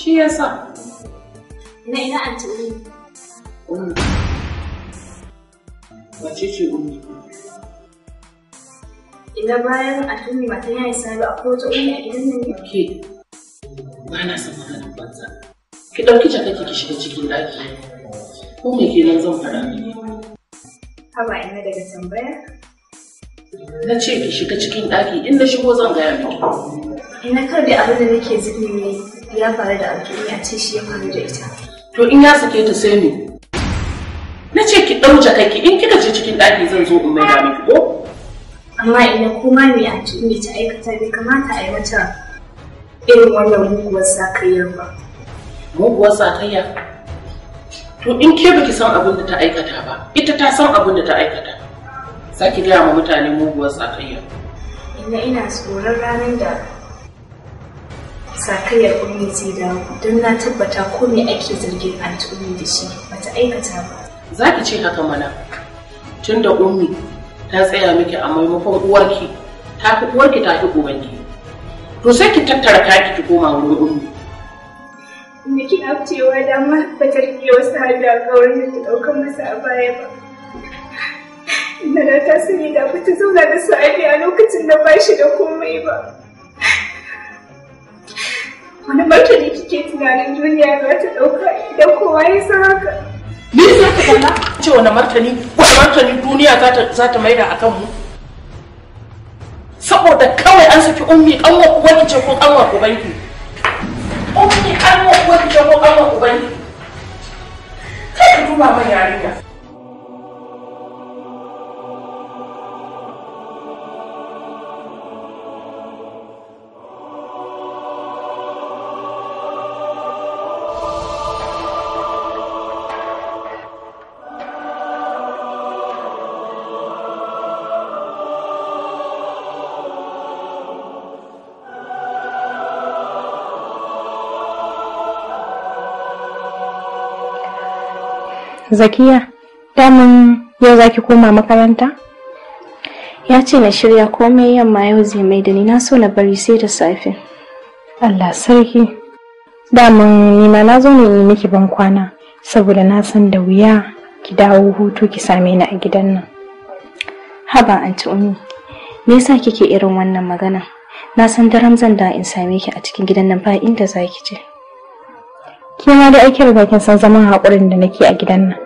shi ya sa na ina anti ummi wace ce ummi ina bayan a tuni matan ya isa ba ko ta ummi a gidan nan ke ba na san maganar banza ki ɗauki jakaki ki shiga cikin ɗaki ko me kenan zan faɗa miki haba ina daga tambaya na ce ki shiga cikin ɗaki in na shigo zan gaya miki ina kar da abin da nake zikin ne ya faru da alƙini ce shi ya faru da ita. To in ya sake ta sai me? Na ce ki ɗau ki, in kika je cikin ɗaki zan zo in maida miki ko? Amma ina kuma me a cikin ta aikata bai kamata a yi mata irin wannan muguwar sakayyar ba. Muguwar sakayya? To in ke baki san abin da ta aikata ba, ita ta san abin da ta aikata. Saki gaya ma mutane muguwar sakayya. Ina ina tsoron ranar da sakayyar ummi zai dawo don na tabbata ko me ake zargin anti da shi bata aikata ba za ki ce haka mana tunda ummi ta tsaya miki a maimakon uwarki ta fi uwarki ta fi ubanki to sai ki tattara kaki ki koma wurin ummi me ki afcewa dama ba ta rike wasu hada wani da ta ɗaukan masa a baya ba Nana ta sani da ba ta zauna da su a lokacin da ba shi da komai ba. wani martani kike tunanin duniya za ta ɗauka idan kowa ya san haka ni za ta kalla ce wani martani wani martani duniya za ta maida a kanmu saboda kawai an saki ummi kanwa ubanki ce ko kanwa ubanki ummi kanwa ubanki ce ko kanwa ubanki kai ka duba man yarinya zakiya damin yau za ki koma makaranta ya ce na shirya komai yamma yau zai mai da ni na so na bari sai da safe allah sarki daman nima na zo ne yi miki ban kwana saboda na san da wuya ki dawo hutu ki same ni a gidan nan haba ci umi me yasa kike irin wannan magana na san daren zan da in same ki a cikin gidan nan ba inda za ki je Ke ma da aikin bakin san zaman haƙurin da nake a gidan nan.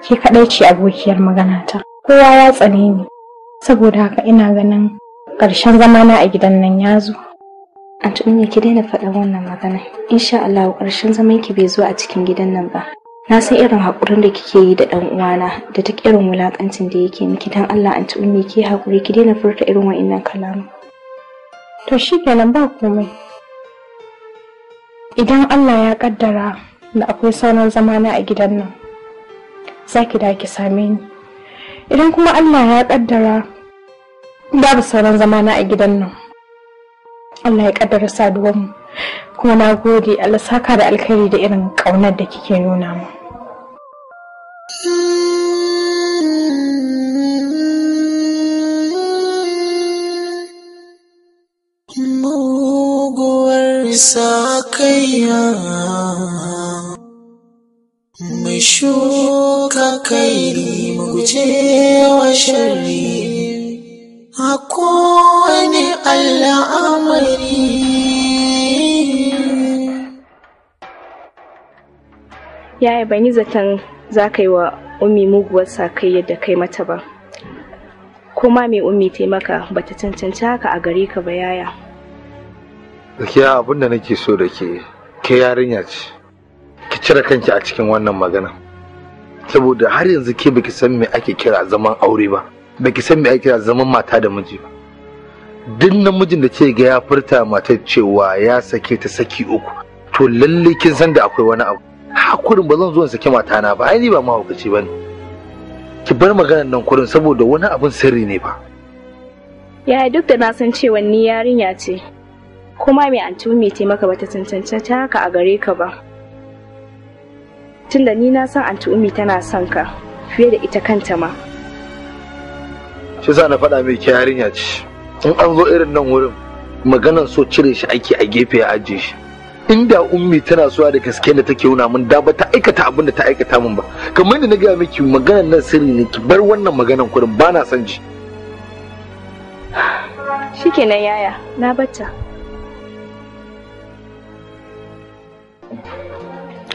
Ke kaɗai ce abokiyar magana ta. Kowa ya tsane ni. Saboda haka ina ganin ƙarshen zamana a gidan nan ya zo. Antu Ummi ki daina faɗa wannan magana. Insha Allah ƙarshen zaman ki bai zo a cikin gidan nan ba. Na san irin haƙurin da kike yi da ɗan uwana da ta irin wulaƙancin da yake miki dan Allah Antu Ummi ki haƙuri ki daina furta irin wa'innan kalamu. To kenan ba komai. idan Allah ya kaddara da akwai sauran zamana a gidan nan za ki da ki same ni idan kuma Allah ya kaddara babu sauran zamana a gidan nan Allah ya kaddara saduwan mu kuma na gode Allah saka da alkhairi da irin ƙaunar da kike nuna mu So sakayya mai shuka kairi guje wa sharri a kowane al'amari yaya ban yi zaton za ka yi wa umi muguwar yadda kai mata ba kuma mai umi taimaka bata cancanci haka a gare ka ba yaya gaskiya abin da nake so da ke ke yarinya ce ki cire kanki a cikin wannan magana saboda har yanzu ke baki san me ake kira zaman aure ba baki san me ake kira zaman mata da miji ba duk namijin da ce ga ya furta matar cewa ya sake ta saki uku to lalle kin san da akwai wani abu hakurin ba zan zo in saki matana ba ai ni ba mahaukaci bane ki bar maganar nan kurin saboda wani abin sirri ne ba ya duk da na san cewa ni yarinya ce kuma mai ce maka bata cancanta haka a gare ka ba tunda ni na san anti ummi tana son ka fiye da ita kanta ma shi sa na faɗa mai yarinya ce in an zo irin nan wurin maganan so cire shi ake a gefe ya ajiye shi inda ummi tana suwa da gaske da take wuna mun da ba ta aikata abin da ta aikata min ba kamar da na gaya miki maganan nan sirri ne ki bar wannan maganan kurin ba na son ji shikenan yaya na bata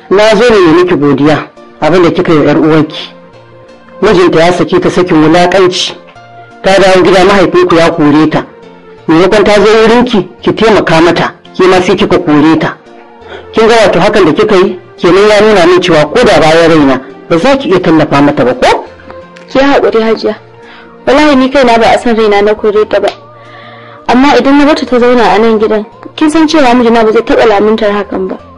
na zo ne miki godiya abin da kika yi yar uwanki mijinta ya sake ta sakin wulakanci ta dawo gida mahaifinku ya kore ta maimakon ta zo wurinki ki taimaka mata ki ma sai kika kore ta kin ga wato hakan da kika yi kenan ya nuna min cewa ko da bayan raina ba za ki iya tallafa mata ba ko ki haƙuri hajiya wallahi ni kaina ba a san raina na kore ta ba amma idan na bata ta zauna a nan gidan kin san cewa mijina ba zai taɓa lamuntar hakan ba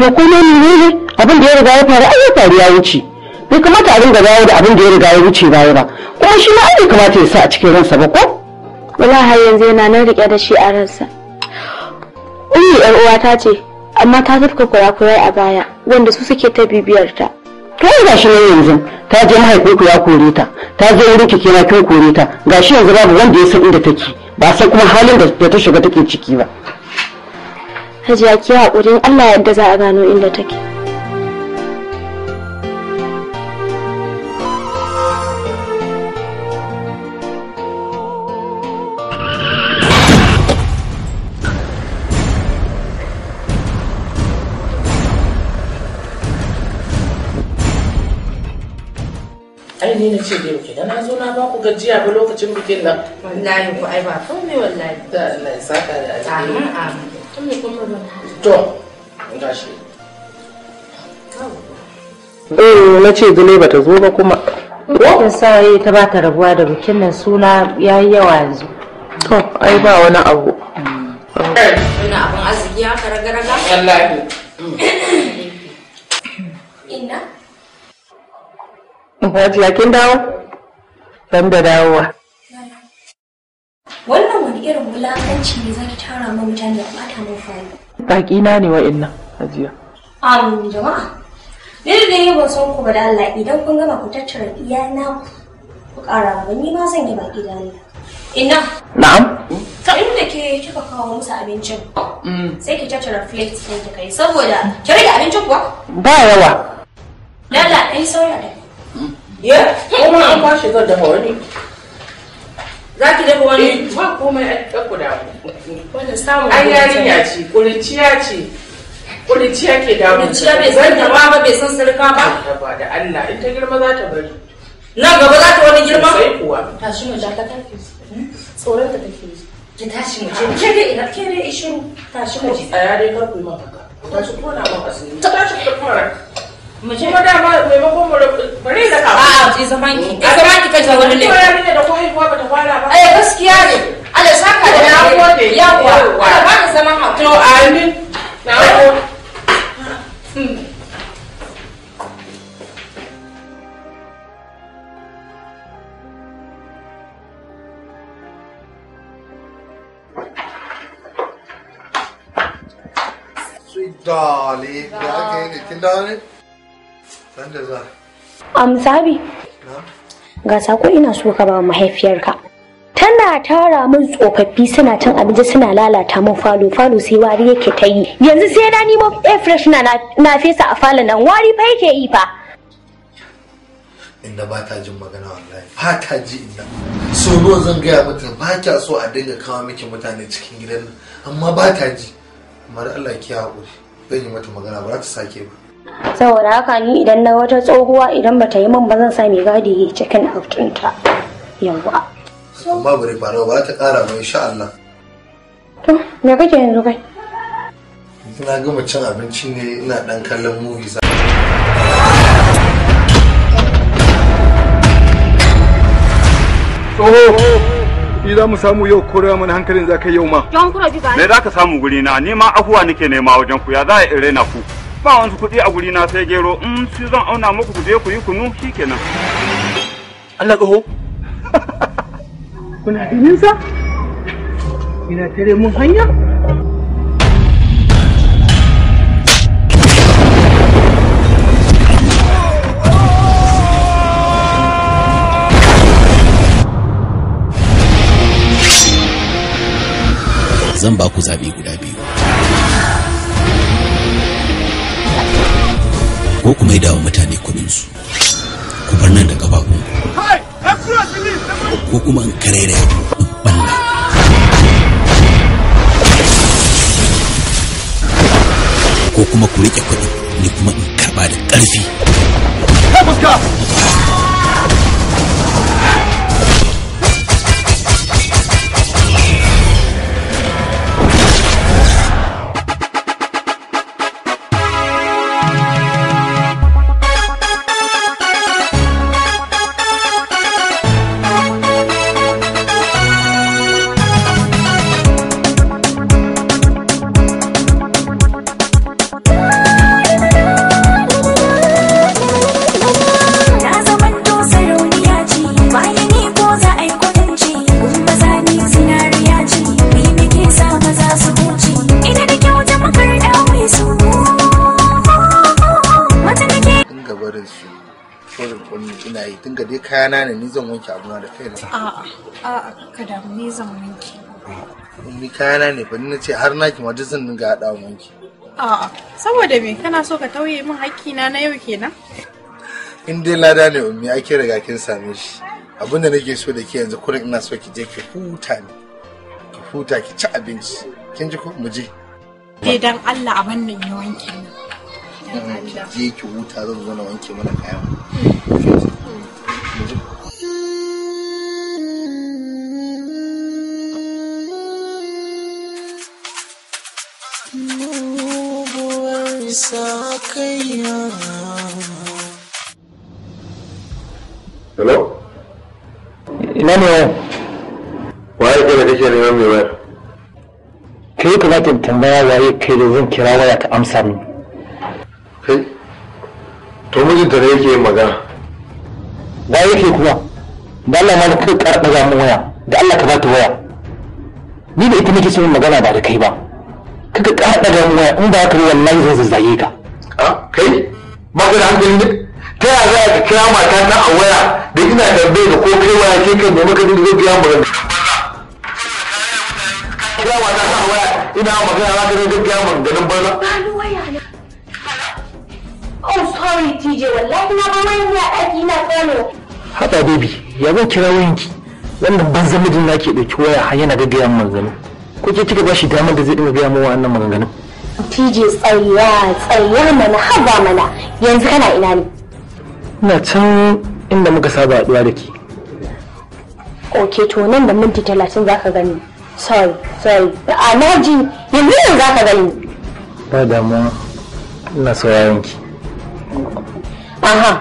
to kuma menene abin da ya riga ya faru ai ya faru ya wuce bai kamata a dinga dawo da abin da ya riga ya wuce baya ba kuma shi ma ai kamata ya sa a cikin ransa ba ko wallahi yanzu yana nan rike da shi a ransa ummi yar uwa ta ce amma ta tafka kurakurai a baya wanda su suke ta bibiyar ta kai gashi ne yanzu ta je mahaifinku ya kore ta ta je wurin kike na kin kore ta gashi yanzu babu wanda ya san inda take ba sai kuma halin da ta shiga take ciki ba Hajiya ki haƙurin Allah yadda za a gano inda take. ai ni na ce dai da na zo na ba ku gajiya ba lokacin bikin nan wallahi ku ai ba komai wallahi da Allah ya saka da alheri amin amin Eh na ce Zulai ta zo ba kuma. Kin sa yi ta ba ta rabuwa da bikin nan suna ya yi yawa yanzu. To ai ba wani abu. Wani abun arziki haka raga-raga? Wallahi. Inna? Hajiya kin dawo? Ban da dawowa. Wannan wani irin wulakanci ne zaki tara ma mutane da bata mun fani na ne wa'annan hajiya am jama'a dai dai ban san ku ba da Allah idan kun gama ku tattara iyana na ku ƙara ba ni ma zan yi baki da Allah ina na'am ka inda ke kika kawo musu abincin mm. sai ki tattara plate ɗin ki kai saboda ki rage abincin kuwa ba yawa lalla ɗan sauya da ya mm. kuma an kwashe zan dafa wani za ki dafa wani eh, ba komai a ɗauku da wani samun an yarinya ce ƙuriciya ce ƙuriciya ke damu ƙuriciya bai san ta ba bai san sarka ba da Allah in ta girma za ta bari nan gaba za ta wani girma sai kuwa tashi mu ta take hmm? tsoron ta take ki tashi mu je ke dai ina ke dai ishiru tashi mu je a dai kar ku yi mafaka ko na mafaka ta tashi ku fara mace kuma da ma maimakon mu bari da ka a ce zaman darling, yeah. I can't get it. Sanda za. Am ina so ka ba mahaifiyarka. Tana tara min tsofaffi suna cin abinci suna lalata min falo falo sai wari yake ta yi. Yanzu sai na nemo air fresh na fesa a falon nan wari fa yake yi fa. Inda ba ta jin magana wallahi ba ta ji inda. So ruwa zan gaya mata ba kya so a dinga kawo miki mutane cikin gidan nan amma ba ta ji. Mara Allah ki haƙuri. Zan yi mata magana ba za ta sake ba. saboda haka ni idan na wata tsohuwa idan ba ta yi min ba zan sa mai gadi ya cikin out yawa amma bari fara ba ta kara mai insha Allah to me kake yanzu kai Ina gama cin abinci ne ina dan kallon movie movies Oho, ni za mu samu yau korewa mana hankalin za ka yi yau ma. Me za ka samu guri na? Ni ma afuwa nake nema wajen ku ya za a irena ku. ba wani kuɗi a guri na sai gero in shi zan auna muku ku je ku yi kunu shikenan Allah ƙaho kuna ganin sa ina tare mun hanya zan ba ku zaɓe guda biyu ko kuma yi dawo mutane kuɗinsu ku bar nan da gabaku ko kuma an karere in ko kuma ku riƙe kuɗi ni kuma in karɓa da ƙarfi kayana ne ni zan wanke abuna da kaina a'a a ka damu ni zan wanke ni kayana ne fa na ce har naki ma duk zan dinga hada wanki a'a saboda me kana so ka tauye min hakki na na yau kenan in dai lada ne ummi ake riga kin same shi abinda nake so da ke yanzu kurin ina so ki je ki huta ne ki huta ki ci abinci kin ji ko mu je dai eh, dan Allah a nan ya wanke ni je ki huta zan zo na wanke mana kayan mm. sakayya hello ina ne wayar waye kai da kake neman mai wayar kai kuma kin tambaya waye kai da zan kira waya ka amsa min kai to mijinta ne yake yin magana ba yake kuma da Allah ma da kai karɓa mu waya da Allah ka ba ta waya ni da ita nake son magana ba da kai ba ka ka haɗa da waya in ba ka wallahi zai zazzage ka kai ba ka da hankali ne ta yaya za ka kira mata ta a waya da going to da ko kai waya ke kan nemi ka dinga biya mu da kira mata ta a waya ina going to ka dinga biya mu da nan banza Oh sorry TJ wallahi na ba mai ne a ɗaki na kano Haba baby ya zan kira wayanki wannan banzan mijin na ke ɗauki waya har yana gaggaya maganganu kuke kika ba shi damar da zai dinga gaya mawa wannan maganganun TJ tsayya tsayya mana haba mana yanzu kana ina ne ina can inda muka saba haɗuwa da ke ok to nan da minti talatin za ka gani sorry sorry a naji yanzu yanzu za ka gani ba damuwa ina sauraron ki aha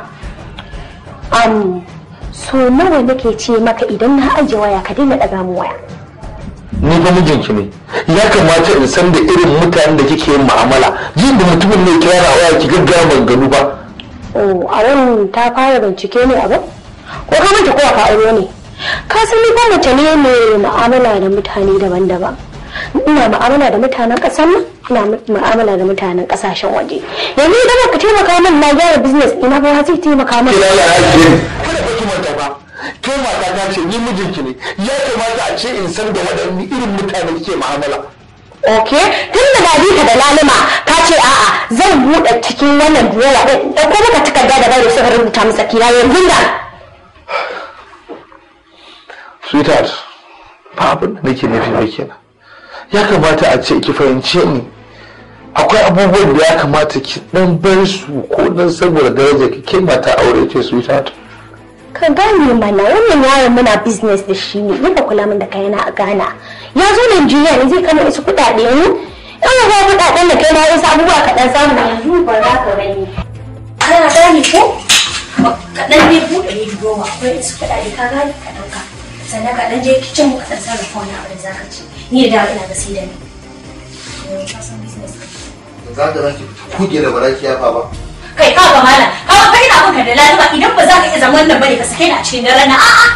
um so nawa nake ce maka idan na ajiye waya ka daina ɗaga mu waya ni ba mijinki ne ya kamata in san da irin mutanen da kike yin mu'amala jin da mutumin ne kira oh, a waya ki gaggaya maganganu ba a nan ta fara bincike ne abu ko ka mace ko ka aure ne ka san ni ba mace ne mai mu'amala da mutane daban-daban ina mu'amala da mutanen ƙasar nan ina mu'amala da mutanen ƙasashen waje yanzu idan ka taimaka min na gyara business ina ba zai taimaka min Ina ke mata ta ce ni mijinki ne ya kamata a ce in san da waɗanne irin mutane ke ma'amala ok tun da na ka da lalima ka ce a'a zan buɗe cikin wannan duwawa ɗin ko maka takarda da bai suka rubuta masa kira yanzu da sweetheart ba abin da nake nufi ba kenan ya kamata a ce ki fahimce ni akwai abubuwan da ya kamata ki ɗan bar su ko dan saboda darajar ki ke mata aure ce sweetheart ka gane mana wannan yaron muna business da shi ne yadda kula min da kayana a ghana ya zo najeriya ne zai kama isu kuɗaɗe ne yawan ba kuɗaɗen da kai na wasu abubuwa kaɗan samu da yanzu ba za ka gani ana gane ko kaɗan ne buɗe ne goma akwai isu kuɗaɗe ka gane ka ɗauka sannan ka ɗan je kicin mu ka ɗan sarrafa wani abu da za ka ci ni da dawa ina ga sai da ni. Eh, za ka zaki kuɗi da baraki ya fa ba. kai ka ga malam ka ga kai na maka da lalima idan ba za ka iya zama wannan bane ka sake ni a cikin daren na a'a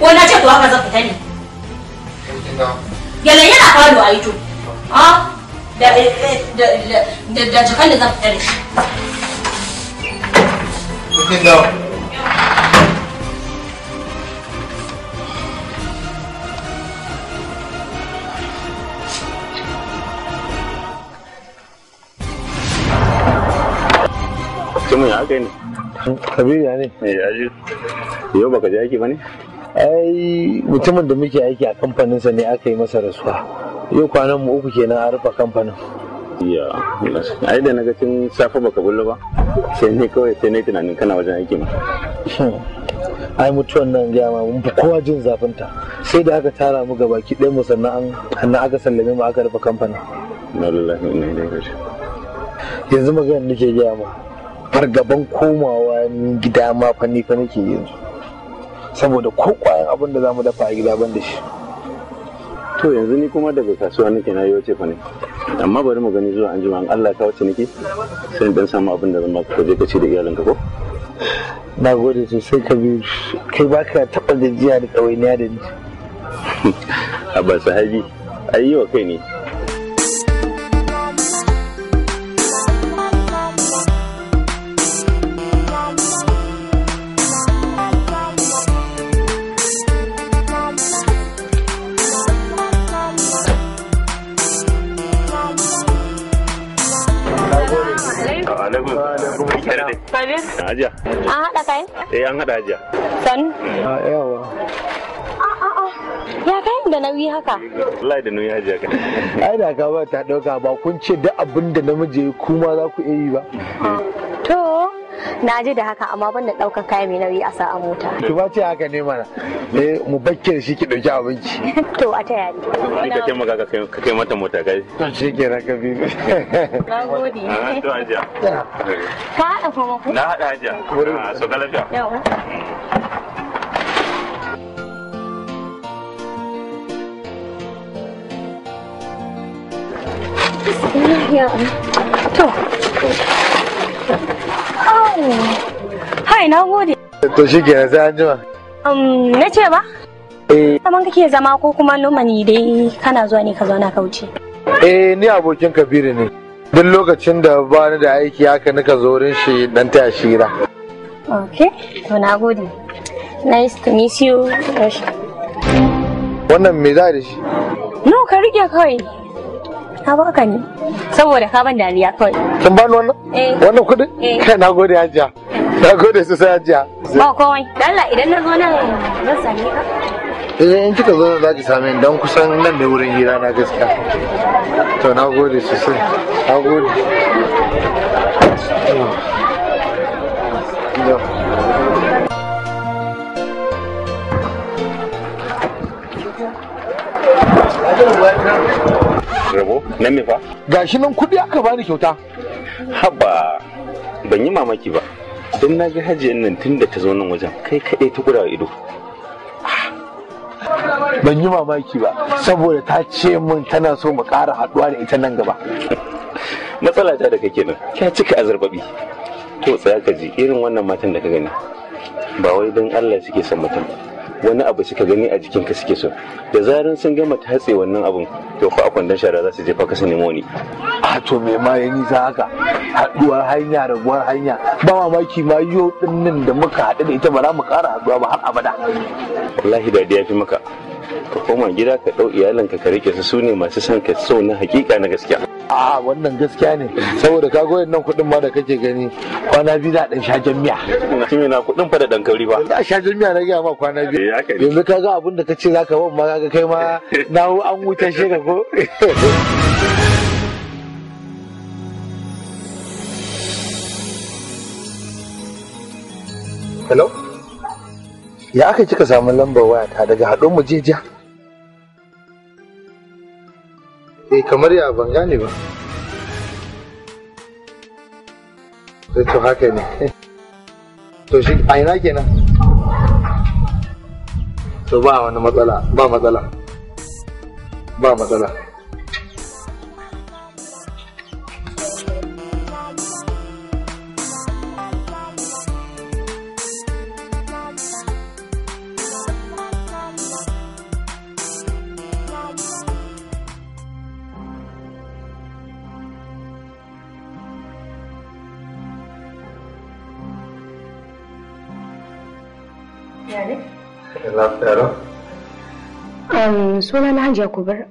ko na ce to haka zan ta ne yana yana falo a ito a eh, eh, da da da da jakan da za ka tare shi aka ne. kabiru ya ne eh, yau baka je aiki ba ne ai mutumin da muke aiki a kamfaninsa ne aka yi masa rasuwa yau kwanan mu uku kenan a rufe kamfanin ya ai da naga tun safe baka bullo ba sai ne kawai sai ne tunanin kana wajen aiki ma hmm. ai mutuwan nan gaya ma mun fi kowa jin zafin ta sai da aka tara mu gabaki ɗaya mu sannan an aka sallame mu aka rufe kamfanin yanzu magana nake gaya ma fargaban komawa gida ma fanni fa nake yanzu saboda ko kwayan abin da zamu dafa a gida ban da shi to yanzu ni kuma daga kasuwa nake na yau fa ne amma bari mu gani zuwa anjima an Allah ka wace nake sai dan samu abin da zan ma ka je ka ci da ko na gode sosai bi kai baka taɓa gajiya da ɗawainiya da ni a sahabi ayyuwa kai ne Garde. Kabir. Hajiya. An haɗa kayan? Eh an haɗa hajiya. Sani? A ah, yawa. Ah, ah, ya kayan da nauyi haka? Wallahi da nauyi hajiya kai. Ai da ka ba ta ɗauka ba kun ce duk abin da namiji ya kuma za ku iya yi ba. To. na ji da haka amma ban da ɗaukar kaya mai nauyi a sa'a mota. Ki ba ce haka ne mana eh mu da shi ki ɗauki abinci. To a ta yari. Ni ka taimaka ka kai mata mota kai. shi ke Na gode. Ah, to ajiya. Ka haɗa kuma ku? Na haɗa ajiya. Ah, so ka lafiya. Yawa. To. Hai, na gode. To shi ke sai an jima. Um, na ce ba? Eh. Kaman kake zama ko kuma nomani dai kana zuwa ne ka zauna ka wuce. Eh, ni abokin Kabiru ne. Duk lokacin da ba ni da aiki haka nika zo wurin shi dan ta shira. Okay, to na gode. Nice to meet you. Wannan me za da shi? No, ka rike kawai. ka baka ne. Saboda ka ban dariya kawai. Kin bani wannan? Eh. Wannan eh Kai na gode ya jiya Na gode su sosai hajiya. Ba komai. Dalla idan na zo nan zan same ka. Eh in kika zo za ki same ni dan kusan nan ne wurin hira na gaskiya. To na gode su sosai. Na gode. Hmm. Yeah. rabo na me fa gashi nan kudi aka bani kyauta haba ban yi mamaki ba don na ga hajiyar nan tun da ta zo nan wajen kai kaɗai ta gura ido ban yi mamaki ba saboda ta ce min tana so mu ƙara haɗuwa da ita nan gaba matsala ta da kake nan ka cika azarbabi to tsaya ka ji irin wannan matan da ka gani ba wai don allah suke son mutum wani abu suka gani a jikin ka suke so da zaran sun gama ta hatse wannan abun to fa a kwandon shara za su jefa ka su nemo a ah, to me ma ya nisa haka haduwar hanya rabuwar hanya ba mamaki ma yiwo din nan da muka haɗu da ita ba za mu ƙara haduwa ba har abada wallahi da ya fi maka ka koma gida ka ɗau iyalinka ka rike su sune masu son ka so na hakika na gaskiya a wannan gaskiya ne saboda ka goyen nan kuɗin ma da kake gani kwana biyu za a ɗan shajen miya kimi na kuɗin fa da ɗan kauri ba a shajen miya na gaya ma kwana biyu eh, yanzu ka ga abin da ka ce za ka ban ma ka kai ma na an wuce shi ko hello ya aka kika samu lambar wayata daga haɗon mu jejiya eh kamar ya ban gane ba sai eh, to haka ne to shi a ina kenan to ba wani matsala ba matsala ba matsala suna na hajiya bar.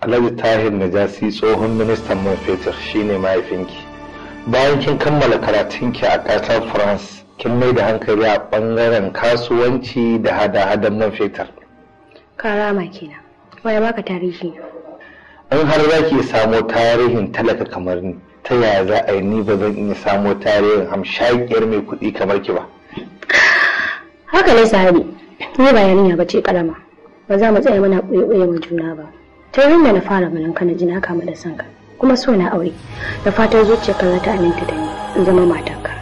alhaji tahir najasi tsohon ministan man fetur shine mahaifinki bayan kin kammala karatunki a ƙasar france kin mai da hankali a ɓangaren kasuwanci da hada-hadan man fetur karama kenan waya baka tarihi in har za ki samo tarihin talaka kamar ni ta yaya za a yi ni ba zan iya samo tarihin hamshakiyar mai kuɗi kamar ki ba haka ne sahabi ni ba yarinya ba ce ƙarama. ba za mu tsaya mana ɓoye-ɓoye wa juna ba ta yayin da na fara ganin ka na ji na kama da sanka kuma so na aure da fatan zuciyarka za ta aminta da ni in zama ka.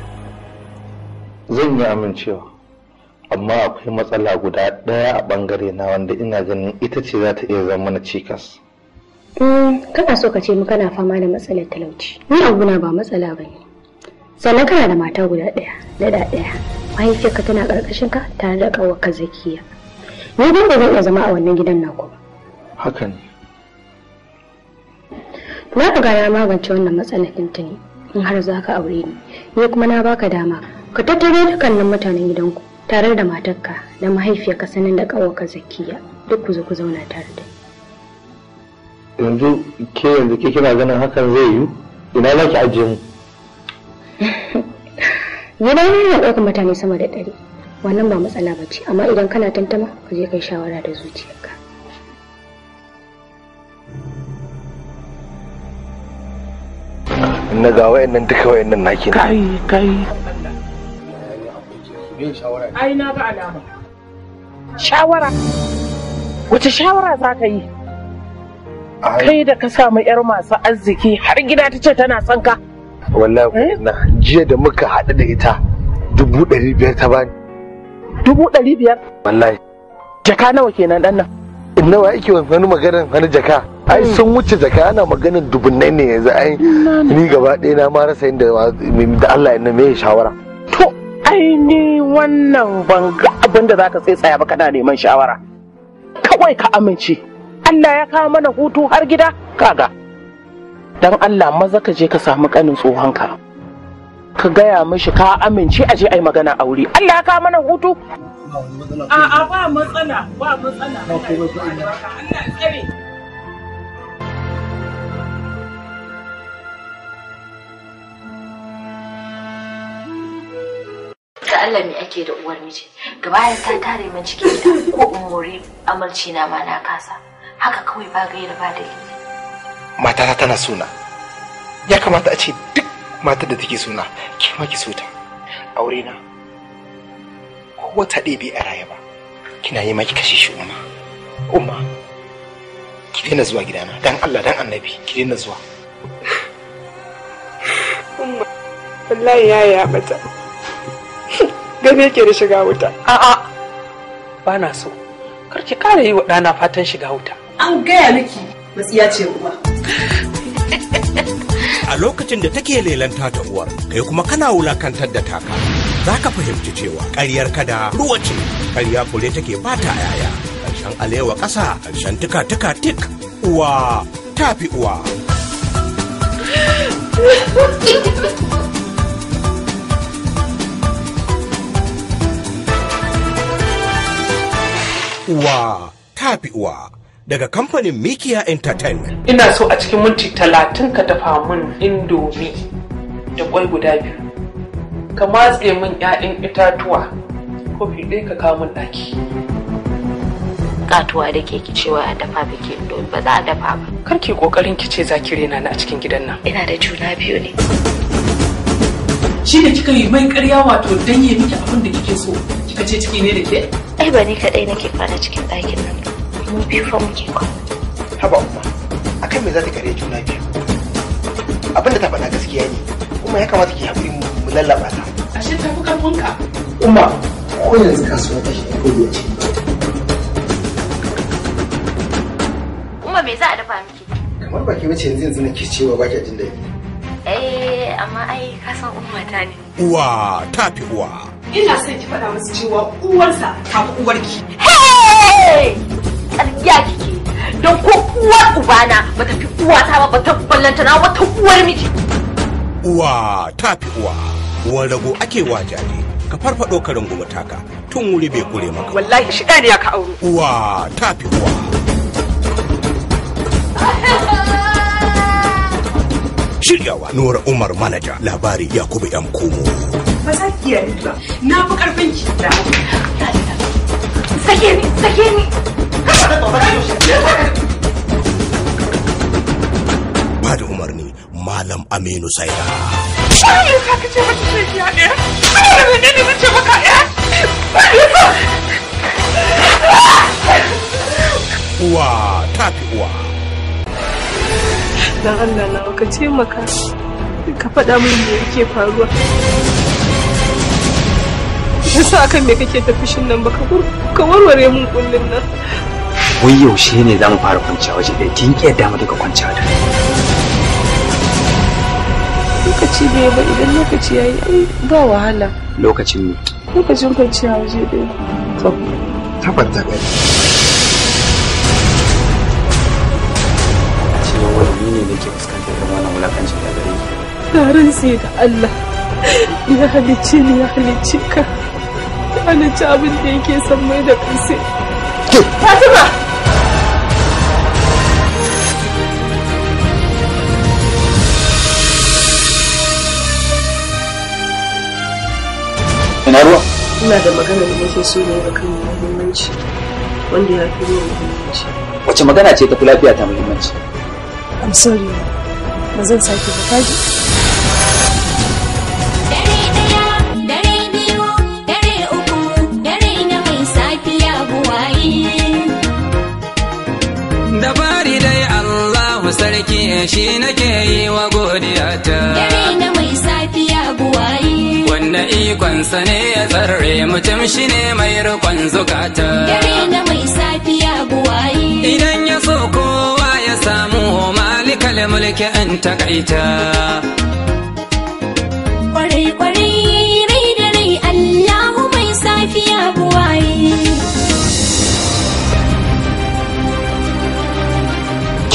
zan yi amincewa amma akwai matsala guda ɗaya a ɓangare na wanda ina ganin ita ce za ta iya zama mana cikas mm, kana so ka ce mu kana fama da matsalar talauci ni abuna ba matsala ba ne sannan kana da mata guda ɗaya da ɗaya mahaifiyarka tana ka, tare da ƙawarka zakiya Ni ban da zan iya zama a wannan gidan naku ba. Haka ne. Na ga ya magance wannan matsalar tuni in har za ka aure ni. Ni kuma na baka dama ka tattare dukkanin mutanen gidanku tare da matarka da mahaifiyarka sanin da ƙawarka zakiya duk ku zo ku zauna tare da yanzu ke yanzu ke kina ganin hakan zai yiwu ina za ki ajiye mu. Gidan yana ɗaukar mutane sama da ɗari. wannan ba matsala ba ce amma idan kana tantama ka je kai shawara da zuciyarka na ga wayannan duka wayannan naki na kai kai ai na ga alama shawara wace shawara za ka yi kai da ka samu yar masu arziki har gida ta ce tana son ka wallahi eh? jiya da muka haɗu da ita dubu ɗari biyar ta bani dubu ɗari biyar wallahi jaka nawa kenan ɗan nan nawa ake wani maganar wani jaka ai hmm. sun wuce jaka ana maganar dubunnai ne yanzu ai ni gaba ɗaya na ma rasa inda da Allah ya me shawara to ai ni wannan ban ga abin da zaka tsaya ba kana neman shawara kawai ka amince Allah ya kawo mana hutu har gida kaga dan Allah maza ka je ka samu kanin tsohonka ka gaya mishi ka amince a je ai magana a wuri. Allah ya kawo mana hutu kuna wani a'a ba matsala ba matsala ba komai ko ina Allah tsare Allah me ake da uwar miji ga ya ta tare min cikin gida ko umuri amalci na ma na kasa haka kawai ba gaira ba dalili matata tana suna ya kamata a ce duk matar da take suna ke ma ki so ta aure na wata ɗaya bai a raya ba kina yi maki kashe shi umma umma ki daina zuwa gidana dan Allah dan annabi ki daina zuwa umma wallahi ya ya bata gabe yake da shiga wuta a'a ba na so kar ki kare yi wa ɗana fatan shiga wuta an gaya miki wasiya ce uwa a lokacin da take lelanta ta uwar kai kuma kana wulakantar da taka za ka fahimci cewa ƙaryar kada ruwa ce ƙarya kure take fata yaya ƙarshen alewa ƙasa ƙarshen tuka tuka tik uwa tafi uwa uwa tafi uwa daga kamfanin Mikiya Entertainment. Ina so a cikin minti talatin ka dafa min indomi da kwai guda biyu. ka matse min 'ya'yan itatuwa kofi ɗaya ka kawo min ɗaki katuwa da ke ki cewa a dafa biki don ba za a dafa ba kar ki kokarin ki ce za ki rena na a cikin gidan nan ina da juna biyu ne shi da kika yi mai ƙarya wato dan yi miki abin da kike so kika ce ciki ne da ke ai ba ni kadai nake fara cikin ɗakin nan mu biyu fa muke kwana haba umma akan me za ta kare juna biyu abin da ta faɗa gaskiya ne kuma ya kamata ki haƙuri mu Ku lallaba ta ashe ta fi karfinka kuma ko yanzu kasuwa ta shiga ko da kuma me za a dafa miki kamar baki wuce yanzu yanzu nake cewa ba ki jin daɗi eh amma ai ka san umma ta ne uwa ta fi uwa ina son ki faɗa musu cewa uwarsa ta fi uwarki hey kike don ko uwar ubana bata fi uwata ba bata ballantana wata uwar miji uwa ta fi uwa uwan rago ake wa jari ka farfado ka rungumi taka tun wuri bai kure maka wallahi shi ne ya ka auro uwa ta fi uwa shiryawa nora umar manaja labari yakubu yan komo ba za ki yi ba na fi karfin ki sake ni sake ni ba da umar Malam Aminu Saira. Eh? Uwa ta fi uwa. Don Allah na ka maka ka faɗa min me yake faruwa. Yasa akan me kake tafishin nan ba ka warware mun kullun nan. wai yaushe ne za mu fara kwanciya waje da kin ƙi yadda mu duka kwanciya da lokaci bai ba idan lokaci ya yi ai ba wahala lokacin ne lokacin kwanciya waje ɗaya to tabbata kai cewa wani ne da ke fuskantar da wani wulakanci da gare ki tarin sai da Allah ya halicci ni ya halicci ka ya halicci abin da yake san mai da kai sai Fatima! ina ruwa ina da magana da nake so ne kan muhimmanci wanda ya fi ruwa muhimmanci wace magana ce ta fi lafiya ta muhimmanci i'm sorry ba zan sake ba kaji Dabari dai Allahu sarki shi nake yi wa godiya kansa ne ya tsare mutum shi ne mai rikon zukata dare na mai safiya buwaye idan ya so kowa ya samu malikal mulki an takaita kwarai kwarai rai da rai allahu mai safiya buwaye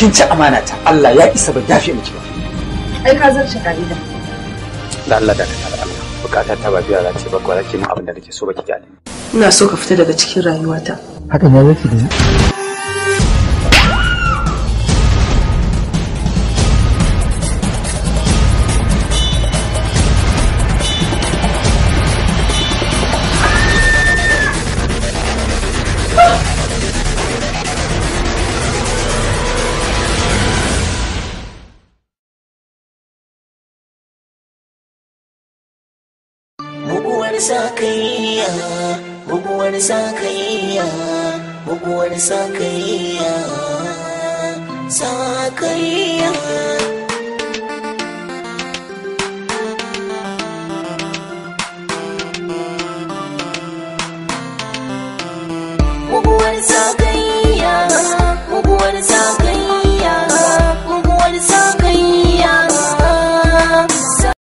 kin ci amana ta Allah ya isa ba dafi miki ba ai ka zarce kalida da Allah da ka Allah bukata ta ba biya za ce ba ko za ki abin da nake so ba ki gane ina so ka fita daga cikin rayuwata Haka ya zaki da ni sakayya buguwar sakayya buguwar sakayya sakayya